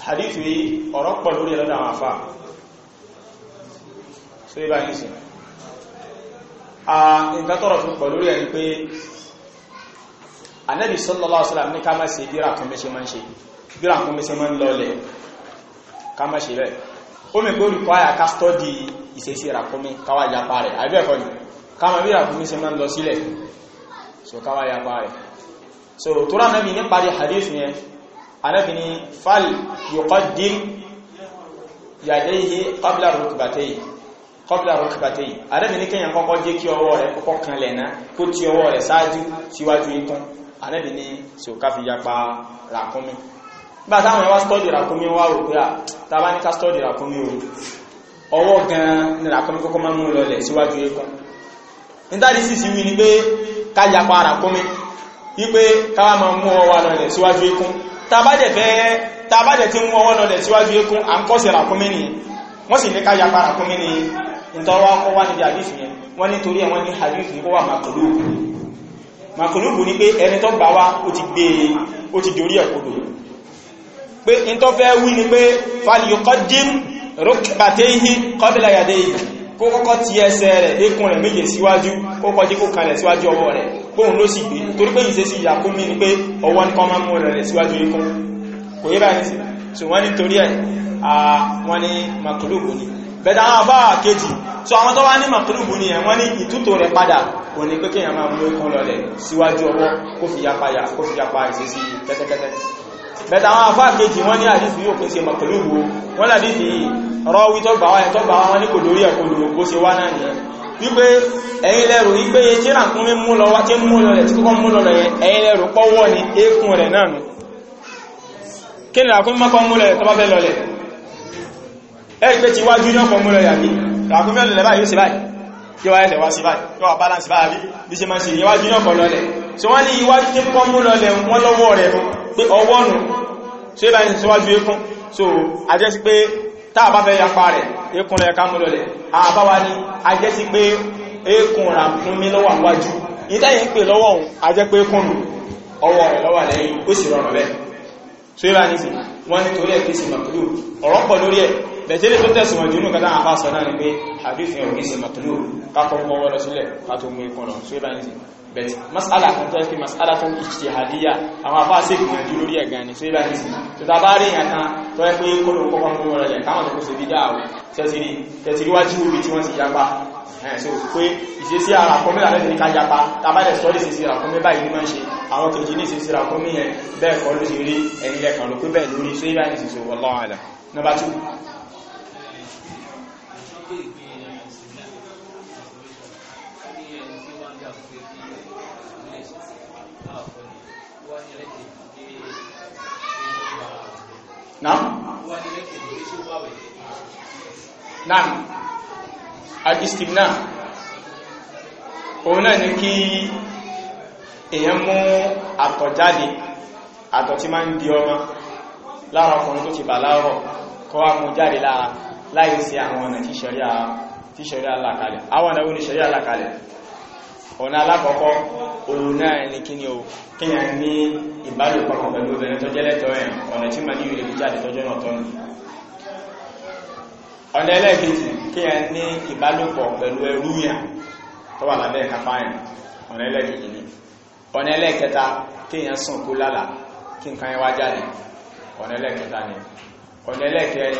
hadithi ọ̀rọ̀ lórí ẹ̀lọ́dà àwọn àfáà so yíba ní sí a nǹkan tọ́rọ fún pẹ̀lú rẹ̀ ni pé anẹ́bì sallallahu alaihi wasallam ní ká má ṣe bíra kan mẹ́ṣe máa ń ṣe bíra kan mẹ́ṣe máa ń lọlẹ̀ ká má ṣe rẹ̀ ó mẹ́ pé olùkọ́yà ká stọ́dì ìṣesí ra kọ́mí káwà yapa rẹ̀ àbẹ́ẹ̀kọ́ ni ká má bíra kan mẹ́ṣe kọ́bílà rọ́kìbàtẹ́ yìí àrẹ́bì ní kíyàn kọ́kọ́ jẹ́ kí ọwọ́ rẹ̀ kọ́kọ́ kan lẹ̀ná kó tí ọwọ́ rẹ̀ sáájú síwájú ìtàn àrẹ́bì ní sòká fi yapa ràkúnmí bá táwọn ẹwà stọ́dì ràkúnmí wá rò pé à tàbá ní ká stọ́dì ràkúnmí o ọwọ́ gan ni ràkúnmí kọ́kọ́ máa mú lọlẹ̀ síwájú ìtàn nítàdí sì sí wí ni pé ká yapa ràkúnmí wípé káwà máa mú ọwọ́ lọlẹ̀ síwájú ìkún tàbádẹ̀ fẹ́ tàbádẹ̀ tí mú ọwọ́ lọlẹ̀ síwájú ìkún à ń kọ́ sí ràkúnmí nìyẹn wọ́n sì ní ká yapa ràkúnmí nìyẹn ìtọ́wà kọ́ wá níbi hadith yẹn wọ́n ní torí àwọn ní hadith ní ó wà makulubu makulubu ní pé ẹni tó gbà wá ó ti gbé e, ó ti dorí ẹ̀kọ́dọ̀ pé in tó fẹ́ wí ni pé falyuqaddim rukbatayhi qabla yadayhi kó kọ́kọ́ ti ẹsẹ̀ rẹ̀ eékún rẹ̀ méje síwájú kó kọjí kó kalẹ̀ síwájú ọwọ́ rẹ̀ bóhun ló ni pé ọwọ́ ní kan máa mú rẹ̀ síwájú eékún kò yé báyìí sí so wọ́n ní torí bẹ̀dà àwọn àbá kejì so àwọn tó wá ní màkúrùbù ni ẹ̀wọ́n ní ìtútò rẹ̀ padà kò ní pé kéèyàn máa mú ikán lọlẹ̀ síwájú ọwọ́ kó fi yapa ya kó fi yapa ìṣesí kẹ́tẹ́kẹ́tẹ́ bẹ̀dà àwọn àbá kejì wọ́n ní àdífì yóò pèsè màkúrùbù wọ́n làdí fi rọ́wí tó gbà wáyé tó gbà wọ́n ní kò lórí ẹ̀kọ́ lòrò bó ṣe wá náà nìyẹn wípé ẹ̀yin lẹ́rù wípé tí ràkúnmí mú lọ wá tí ẹ̀rí pé ti wájú ní ọkọ̀ múlẹ̀ yàbí ràkúnmí ọ̀lẹ̀lẹ̀ báyìí yóò sí báyìí kí wá ẹ̀lẹ̀ wá sí báyìí yóò wà balance báyìí bí ṣe máa ṣe ìwájú ní ọkọ̀ lọlẹ̀ so wọ́n ní ìwájú tí kọ́ mú lọlẹ̀ wọ́n lọ́wọ́ rẹ̀ pé ọwọ́ nù so ìbáyìí ti síwájú ekún so a jẹ́ sí pé tá a bá fẹ́ yapa rẹ̀ ekún rẹ̀ ká mú lọlẹ̀ àbá wa ní a jẹ́ sí pé ekún ràkúnmí lọ́wọ́ àwájú ìdáyìí pè lọ́wọ́ òun a jẹ́ pé ekún ọwọ́ rẹ̀ lọ́wọ́ lẹ́yìn ó sì rọrùn bẹ́ẹ̀ so yíra ní sí wọ́n ní torí ẹ̀ kí sí makulu ọ̀rọ̀ pọ̀ lórí ẹ̀ bẹ̀tẹ́lẹ̀ tó tẹ̀sùn wọn jùlọ kátà àpá sọ náà ni pé hadith yẹn sí makulu kákọ̀ mọ́ wọ́n lọ sílẹ̀ kátó mú ikọ̀ masala kan masala tó ijtihadiyya àwọn afá sí ìpín jù lórí ẹ̀ gan ni so yíra ní sí tó ta bá rí yẹn kan tó ẹ pé kó lóun so pé ìṣesí ara kọ́mí làbẹ́ ti ní ká yapa tàbálẹ̀ sọ́lẹ̀ ìṣesí ara kọ́mí báyìí ní máa ń ṣe àwọn kejì ní ìṣesí ara kọ́mí yẹn bẹ́ẹ̀ kọ́ ló ti rí ẹ̀yìn lẹ́kàn ló pé bẹ́ẹ̀ lórí ṣé ìbá ní ìṣesí wallahu a'lam number al-istimna òun náà ni kí èyàn mú àtọ̀ jáde àtọ̀ tí máa ń di ọmọ lára ọkùnrin tó ti bà láàrọ̀ kọ́ wá mú jáde lára sí àwọn ọ̀nà tí ṣẹ̀ríà alákalẹ̀ àwọn ọ̀nà òun ni ṣẹ̀ríà alákalẹ̀ ọ̀nà alákọ̀ọ́kọ́ òun náà ni kí ni kí ẹ ní ìbálòpọ̀ pẹ̀lú ẹrú yàn tó wà lábẹ́ kápá yàn ọ̀nà ẹlẹ́kẹ̀kẹ̀ ni ọ̀nà ẹlẹ́kẹta kí èèyàn sùn kó lálà kí nǹkan yẹn wá jáde ọ̀nà ẹlẹ́kẹta ni ọ̀nà ẹlẹ́kẹrin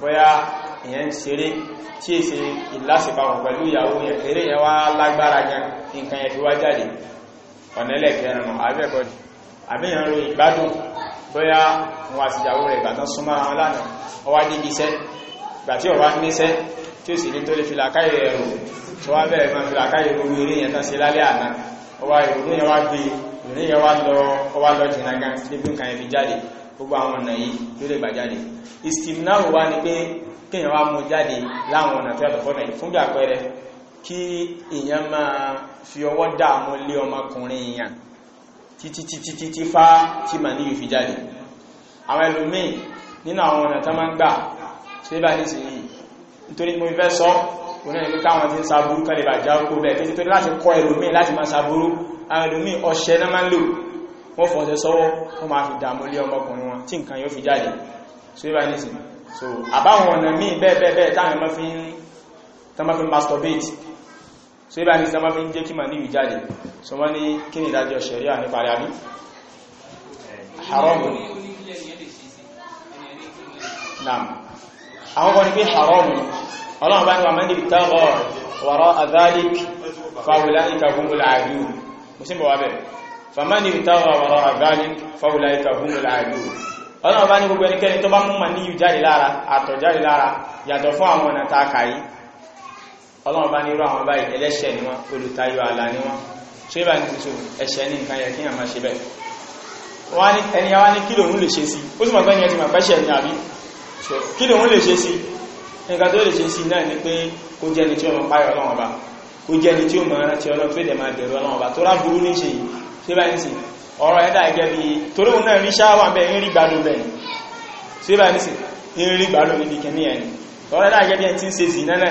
bóyá èèyàn ń ṣeré tí èsì ìlásìpapọ̀ pẹ̀lú ìyàwó yẹn eré yẹn wá lágbára gan nǹkan yẹn fi wá jáde ọ̀nà ẹlẹ́kẹrin nù abẹ́kọ̀ọ́ àbíyàn ìgbádùn ìgbà tí ọ̀wá níṣẹ́ tí ó sì ní tó lè filakáyè ẹ̀rù tó wá bẹ̀rẹ̀ máa filakáyè owó eré yẹn tán sí lálẹ́ àná ọwá ìrònú yẹn wá gbé ìrònú yẹn wá lọ ọwá lọ jìnnà gan níbi nǹkan ẹbí jáde àwọn ọ̀nà yìí ni pé kéèyàn wá mú jáde láwọn ọ̀nà tó yàtọ̀ fọ́nà yìí fún bí àpẹẹrẹ kí èèyàn máa fi nínú àwọn ọ̀nà tó máa ń gbà ṣe bá ní sí yìí nítorí mo fẹ́ sọ oní ìlú káwọn tí ń sàbúrú kan lè bà já kó bẹ̀ títí torí láti kọ́ ẹlòmíì láti máa sàbúrú àwọn ẹlòmíì ọṣẹ náà máa ń lò wọ́n fọ́sẹ̀ sọ́wọ́ wọ́n máa fi dààmú lé ọmọkùnrin wọn tí nǹkan yóò fi jáde so ibà ní sí so àbáwọn ọ̀nà míì bẹ́ẹ̀bẹ́ẹ̀ táwọn ọmọ fi ń masturbate so ibà ní sí ọmọ fi ń jẹ́ kí màá níbi jáde so wọ́n ní kí ni ìdájọ́ ṣẹ̀ríà nípa rẹ̀ naam àwọn kan ní pé haram ọlọ́run bá ní wà mẹ́lì tààrọ wàrọ azalik fàwùlá ìkàgúnmùlà àdú musim bọ̀wà bẹ̀ fàmẹ́lì tààrọ wàrọ azalik fàwùlá ìkàgúnmùlà àdú ọlọ́run bá ní gbogbo ẹnikẹ́ni tó bá mú wọ́n ni ẹni àwọn ní kílò òun lè ṣe sí ó sì mọ̀ pé ẹni mọ̀ pẹ́ṣẹ̀ ni àbí kí ni wọ́n lè ṣe sí nǹkan tó lè ṣe sí náà ni pé kó jẹ́ ni tí ó mọ̀ páyọ̀ ọlọ́run ọba kó jẹ́ ni tí ó mọ̀ rántí ọlọ́run tó dẹ̀ máa bẹ̀rù ọlọ́run ọba tó rá burú ní ṣe yìí ṣé báyìí nìsín ọ̀rọ̀ ẹ̀dá ẹ̀gẹ́ bí torí òun náà rí ṣáwà bẹ́ẹ̀ ń rí gbádùn bẹ́ẹ̀ ṣé báyìí nìsín ń rí gbádùn níbi kìíní ẹni ọ̀rọ̀ ẹ̀dá ẹ̀gẹ́ bí ẹni tí ń ṣe sí náà ni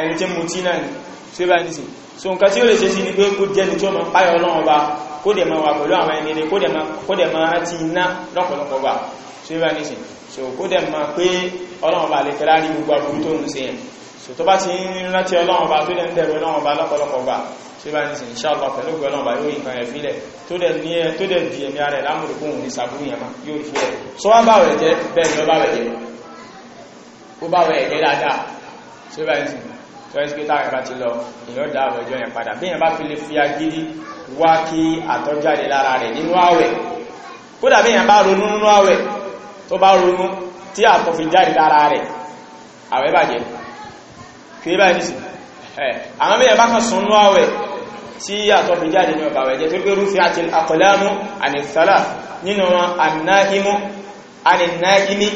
ẹni tí ń mutí náà ni ṣé báyìí nìsín so nǹkan tí ó lè ṣe sí ni pé kó jẹ́ so yíwa ní sin so kó dẹ̀ ma pé ọlọ́run bá lè fẹ́lá rí gbogbo aburú tó ń ṣe yẹn so tó bá ti ń rántí ọlọ́run bá tó dẹ̀ ń tẹ̀rù ọlọ́run bá lọ́pọ̀lọpọ̀ gbà so yíwa ní sin inṣàlọ́ pẹ̀lú pé ọlọ́run bá yóò nǹkan ẹ̀ fílẹ̀ tó dẹ̀ ní ẹ tó dẹ̀ di ẹ̀mí ara ẹ̀ lámùrùkún ní sàbúrú yẹn yóò fi ẹ̀ so wá bá wẹ̀ ni ó bá wẹ̀ jẹ́ ó bá wẹ̀ jẹ́ dáadáa so tó bá ronú tí àtọ̀ fi jáde lára rẹ̀ àwẹ̀ bàjẹ́ kìí báyìí nìsí àwọn mẹ́yẹ̀ bá kan sùn àwẹ̀ tí àtọ̀ fi jáde ní ọba wẹ̀jẹ́ tó pé rúfí àti àkọlẹ́mú ànìsálà nínú wọn ànínáìmú ànínáìmí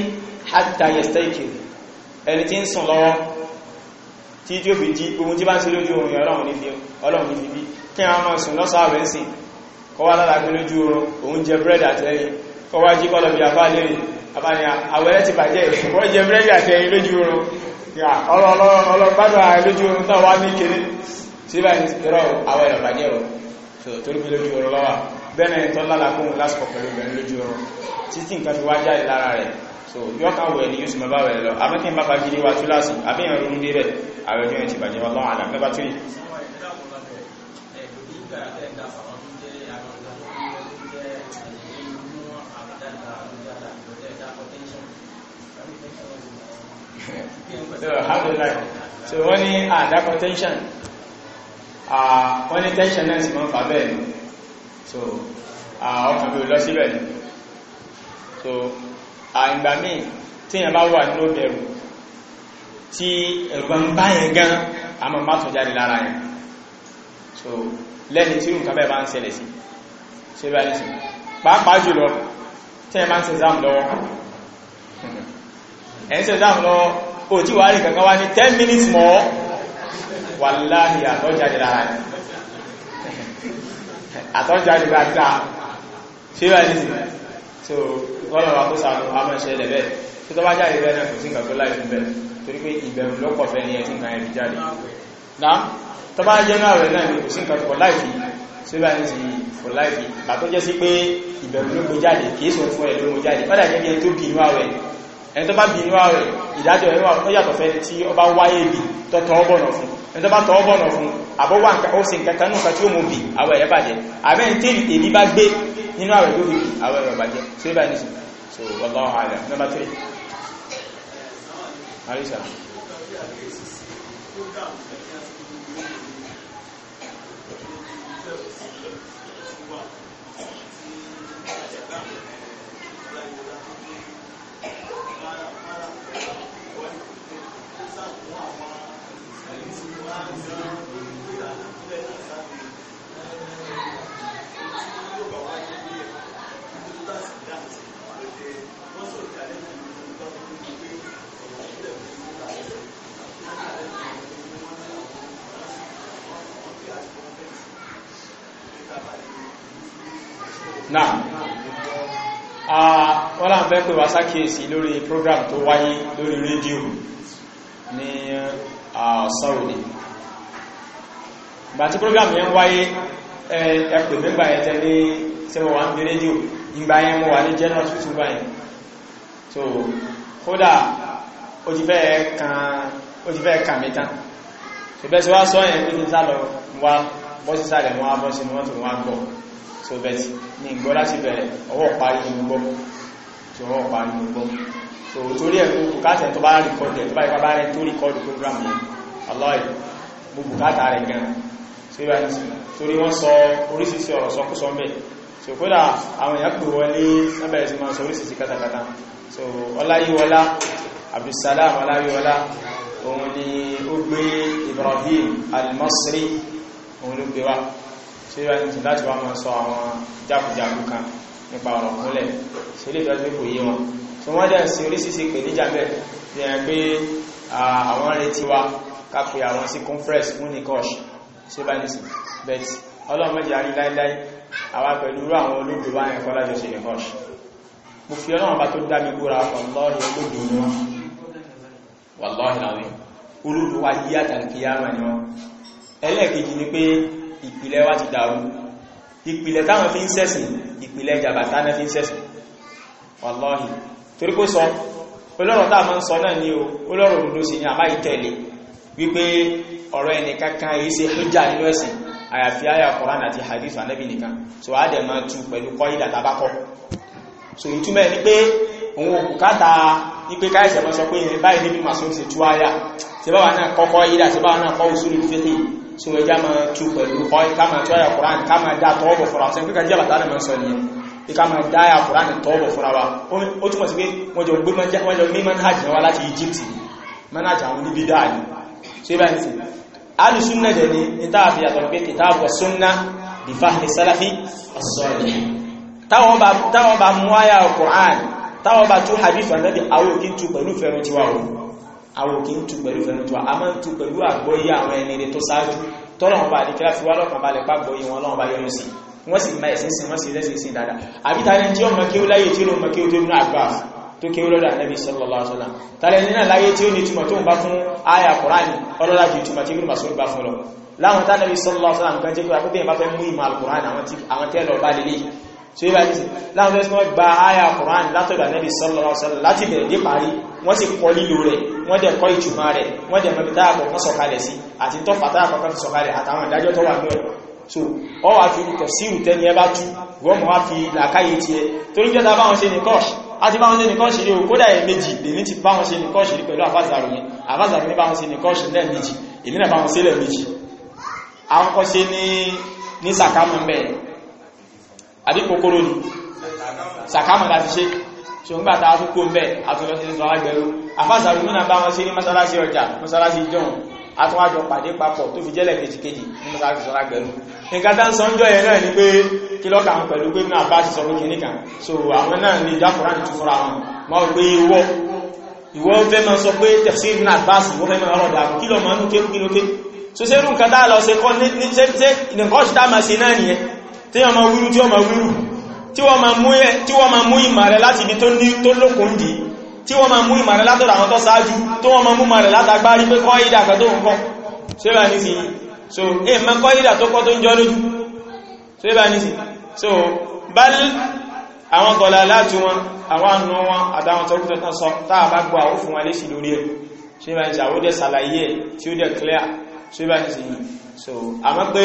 hatta yastayqi ẹni tí ń sùn lọ́wọ́ tí tí ó fi jí ohun tí bá ń ṣe lójú oorun ọlọ́run kọwàá lára pé lójú oorun òun jẹ àtẹ́yìn kọwàá jí kọlọ̀bì àbá lérìn àbáyà àwẹ́rẹ́ ti bàjẹ́ wọ́n jẹ búrẹ́dì àtẹ́yìn lójú oorun ọlọ́gbádùn lójú oorun náà wá ní kéré tí bá ní tẹ́rọ àwẹ́ rẹ̀ bàjẹ́ o torí pé lójú oorun lọ́wà bẹ́ẹ̀ tó lálàkún lásìkò pẹ̀lú bẹ̀rẹ̀ lójú oorun títí nǹkan fi wá jáde lára rẹ̀ so yọ́ ká wẹ̀ ní yóò mẹ́bá wẹ̀ lọ abẹ́kẹ́ bá bá gidi wa túláàsì abẹ́yàn ronú débẹ̀ àwẹ́jọ́ ẹ̀ ti bàjẹ́ ọlọ́run àdàmẹ́bá tún so alhamdulillah so wọ́n ní àdákọ̀ ah, tension ah, wọ́n ní tension náà sì mọ́ fà bẹ́ẹ̀ ni so ah, ọkàn bí o lọ síbẹ̀ ni so àìgbà míì tí èyàn bá wà ní ó bẹ̀rù tí ẹ̀rù bá ń bá yẹn gan a mọ̀ má tún jáde lára yẹn so lẹ́ni tí nǹkan bẹ́ẹ̀ bá ń ṣẹlẹ̀ sí ṣe bá ní sí pàápàá jùlọ tí èyàn bá ń ṣe ẹ̀ẹ́sẹ̀ dáhùn lọ ó tí wà rí kankan wá ní 10 minutes more wàláhì àtọ́jáde lára ní àtọ́jáde bá dá ṣíwá ní so gọ́lọ̀wà kó sàánú amọ́ṣẹ́ lẹ́bẹ̀ tó tọ́ bá jáde rẹ̀ náà kò sí nǹkan tó láì fún bẹ̀rẹ̀ torí pé ìbẹ̀rù lọ́pọ̀ fẹ́ ni ẹ ti nǹkan ẹ̀rì jáde náà tó bá jẹ́ náà rẹ̀ náà ni kò sí nǹkan for life. fi síbà ní ti for life bàtọ́ jẹ́ sí pé ìbẹ̀rù ló gbé jáde kìí sọ fún ẹ̀ ló mú jáde ó dà jẹ́ bí ẹ tó bí inú àwẹ̀ ẹni tó bá bí inú ààrẹ ìdájọ́ ẹ̀rọ àwọn yàtọ̀ fẹ́ tí ó bá wáyé bí tó tọ́ọ̀bọ̀nà fún ẹni tó bá tọ́ọ̀bọ̀nà fún àbọ́wà ó sì kẹta nùkà tí ó mú bí àwẹ̀ ẹ̀ bàjẹ́ àbẹ́ tí number three wọ́n láwọn fẹ́ pé wá sákèèsí lórí program tó wáyé lórí rédíò ní sọ́rọ̀dì ìgbà tí program yẹn wáyé ẹ̀pẹ̀ mẹ́gbà ẹ̀tẹ́ ní sẹ́wọ̀n wà ń bí rédíò ìgbà yẹn mo wà ní general hospital báyìí so kódà ó ti fẹ́ kàn mí tán ìbẹ́ sí wá sọ yẹn pé ní sálọ wá ni wọ́n so bẹ́ẹ̀ ní ìgbọ́ láti bẹ̀rẹ̀ ọwọ́ parí ṣọ̀rọ̀ ọ̀pá ní gbogbo so torí ẹ̀kọ́ bùkátà tó bá rìkọ́dì ẹ̀ tó bá ikọ́ bá rẹ̀ tó rìkọ́dì program yẹn aláì mú bùkátà rẹ̀ gan torí wọ́n sọ oríṣiríṣi ọ̀rọ̀ sọkúsọ mẹ́ so kódà àwọn èèyàn pè wọlé sábẹ̀rẹ̀ sí máa sọ oríṣiríṣi katakata so ọláyíwọlá abdulsalam ọláyíwọlá òun ni ó gbé ibrahim al-masri òun ló gbé wá ṣe láti wá máa sọ àwọn jákujàku kan nípa ọ̀rọ̀ múlẹ̀ sílé ìtọ́jú kò yé wọn tí wọ́n dẹ̀ sí oríṣiríṣi pè níjà bẹ́ẹ̀ ní ẹ̀ pé àwọn retí wa ká àwọn sí conference fún nìkọ́ṣ sí ọlọ́mọdé àrí láíláí àwa pẹ̀lú àwọn olóògbé wa ẹ̀kọ́ lájọ ìpìlẹ̀ táwọn fi ń sẹ́sìn ìpìlẹ̀ jàbàtà náà fi ń sẹ́sìn wàláhì torí kó sọ olóòrùn táà máa ń sọ náà ní o olóòrùn òdòdó sí ní àbá ìtẹ̀lé wípé ọ̀rọ̀ ẹni èyí ṣe hadith anabi so a dẹ̀ máa tu pẹ̀lú kọ́ so ìtumẹ̀ ni pé òun òkùkátà ní pé káyẹ̀sẹ̀ mọ́ sọ pé ìrìn báyìí níbi màsó ti tú àyà ṣe báwa náà kọ́kọ́ so ẹjá máa tú pẹ̀lú ọ̀í ká máa tọ́yà kùránì ká máa dá tọ́ọ̀bọ̀ fúnra sẹ́yìn pípa jẹ́ bàtà mẹ́sọ ni ẹ ká máa dá yà kùránì tọ́ọ̀bọ̀ fúnra wa ó túnmọ̀ sí pé wọ́n jọ gbé manhaj wa láti Egypt manhaj àwọn níbi dáa ni so ibà ní sí alùsúnnà jẹ́ ní ìtààfi àtọ̀rọ̀ pé kìtààbù súnnà bí fáhì sálàfí as-salih táwọn bá mú àyà kùránì táwọn bá tú hadith ànábì àwọn òkín tú pẹ̀lú fẹ́ràn tiwa òun àwọn òkè ń tu pẹ̀lú fẹ̀mùtùwà a máa ń tu pẹ̀lú àgbọ́yé àwọn ẹni rẹ̀ tó sáájú tọ́lọ̀wọ́n bá àdíkẹ́lá fi wá lọ́kàn balẹ̀ pàgbọ́ yìí wọn lọ́wọ́ bá yọrọ sí wọ́n sì máa ẹ̀sìn sin wọ́n sì lẹ́sìn sin dáadáa àbítàlẹ́ tí ó mọ kí ó láyé tí ó mọ kí ó tó nínú àgbà tó kí ó lọ́dọ̀ ànábì sallallahu alaihi wasallam tàlẹ́ nínú láyé tí ó ní túmọ̀ tó ń bá fún àyà Kùránì ọlọ́lá ju túmọ̀ tí ó gbà sórí bá fún lọ láwọn tánàbí sallallahu alaihi wasallam nǹkan jẹ́ pé àpẹ́bẹ̀yìn bá fẹ́ mú ìmọ̀ Al-Kùránì àwọn tẹ́lọ̀ bá lélẹ́yìn so yíba ní sí láwọn ẹ̀sùn wọ́n gba àyà Kùránì látọ̀dọ̀ Ànábì sallallahu alaihi wasallam láti bẹ̀rẹ̀ dé parí wọ́n sì kọ lílo rẹ̀ wọ́n dẹ̀ kọ ìtumọ̀ rẹ̀ wọ́n dẹ̀ mẹ́bí táyà kọ̀ọ̀kan sọ̀kalẹ̀ sí àti tó fàtà kọ̀ọ̀kan fi sọ̀kalẹ̀ àtàwọn ìdájọ́ tó wà náà so ọ wà fi tafsiru tẹ́ni ẹ bá tú wọ́n mọ̀ wá fi làkáyé ti ẹ torí jẹ́ta báwọn ṣe ní kọ́ọ̀ṣì a ti báwọn ṣe ní kọ́ọ̀ṣì rí o kódà ẹ̀ méjì èmi ti báwọn ṣe ní kọ́ọ̀ṣì rí pẹ̀lú àfáàzàrò yẹn àfáàzàrò ní báwọn ṣe ní kọ́ọ̀ṣì àbí kòkòrò ní sàkámọ̀ láti ṣe ṣe ń gbà tàà tó kó ń bẹ́ àtúnlọ́sí sọ agbẹ̀rú àfáàsàrí múnà bá wọn sí ní mọ́sálásí ọjà mọ́sálásí john àtúnwájọ pàdé papọ̀ tó fi jẹ́lẹ̀ kejìkejì ní mọ́sálásí sọ agbẹ̀rú ni pé kí lọ́kà so àwọn náà ní ìjákùnrà ní tún fúnra wọn mọ́ pé ìwọ ìwọ fẹ́ máa sọ pé tẹ̀sí ibn abbas ìwọ fẹ́ máa rọ̀dà kí lọ máa ń ké kí ṣe ní ṣe tá ṣe náà nìyẹn tí wọ́n ma wíru tí wọ́n ma wíru tí wọ́n ma mú ìmà rẹ̀ láti ibi tó lókùn dì tí wọ́n ma mú ìmà rẹ̀ látọ̀dọ̀ àwọn tó sáájú tó wọ́n ma mú ìmà rẹ̀ pé kọ́ ìdà tó ń kọ́ ṣe so e ma kọ́ ìdà tó kọ́ tó ń so bal àwọn gọ̀lá láti wọn àwọn ànú wọn àtàwọn tó kúta sọ táà bá gbọ́ àwọn fún wọn léṣì lórí clear ṣe bá so àmọ́ pé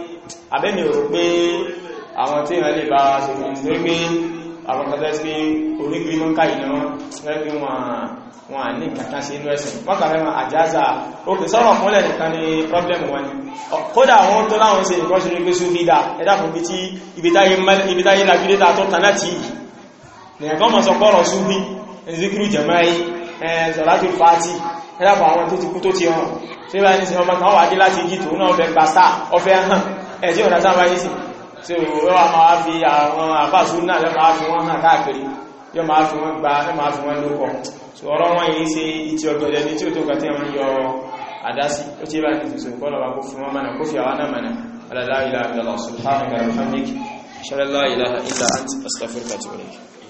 abẹ́mi rò pé àwọn tí ìrìn lè bá ṣe fún ní pé àwọn kan tẹ́sí pé orígbì mọ́ káyì náà lẹ́bí wọn ní kankan sí inú ẹ̀sìn wọ́n kàfẹ́ wọn àjáza problem wọn ni kódà àwọn tó láwọn ṣe nǹkan ṣe gbé sún bídà ẹ̀dà fún bí tí ibìtáyé lagídé ta jama'i zọ̀látù fàájì ẹ̀dà fún àwọn tó ti kú tó ti hàn tí ó bá ní sí ọmọ kan wà dé láti gítò náà ọfẹ́ gbàsá ọfẹ́ hàn ẹ̀tí ọ̀nà sáwá yìí sí tí ó wà máa fi àwọn àfáàsù náà lọ máa fi wọ́n hàn káàkiri yọ máa fi wọ́n gba ẹ máa fi wọ́n lókọ̀ so ọ̀rọ̀ wọn yìí sí ìtì ọ̀gọ̀dẹ̀ ní tí ó tó kàtí àwọn yọ àdásí ó tí bá ti tìsò kọ́lọ̀ wà kó fún wọn mọ́nà kó fi àwọn náà mọ́nà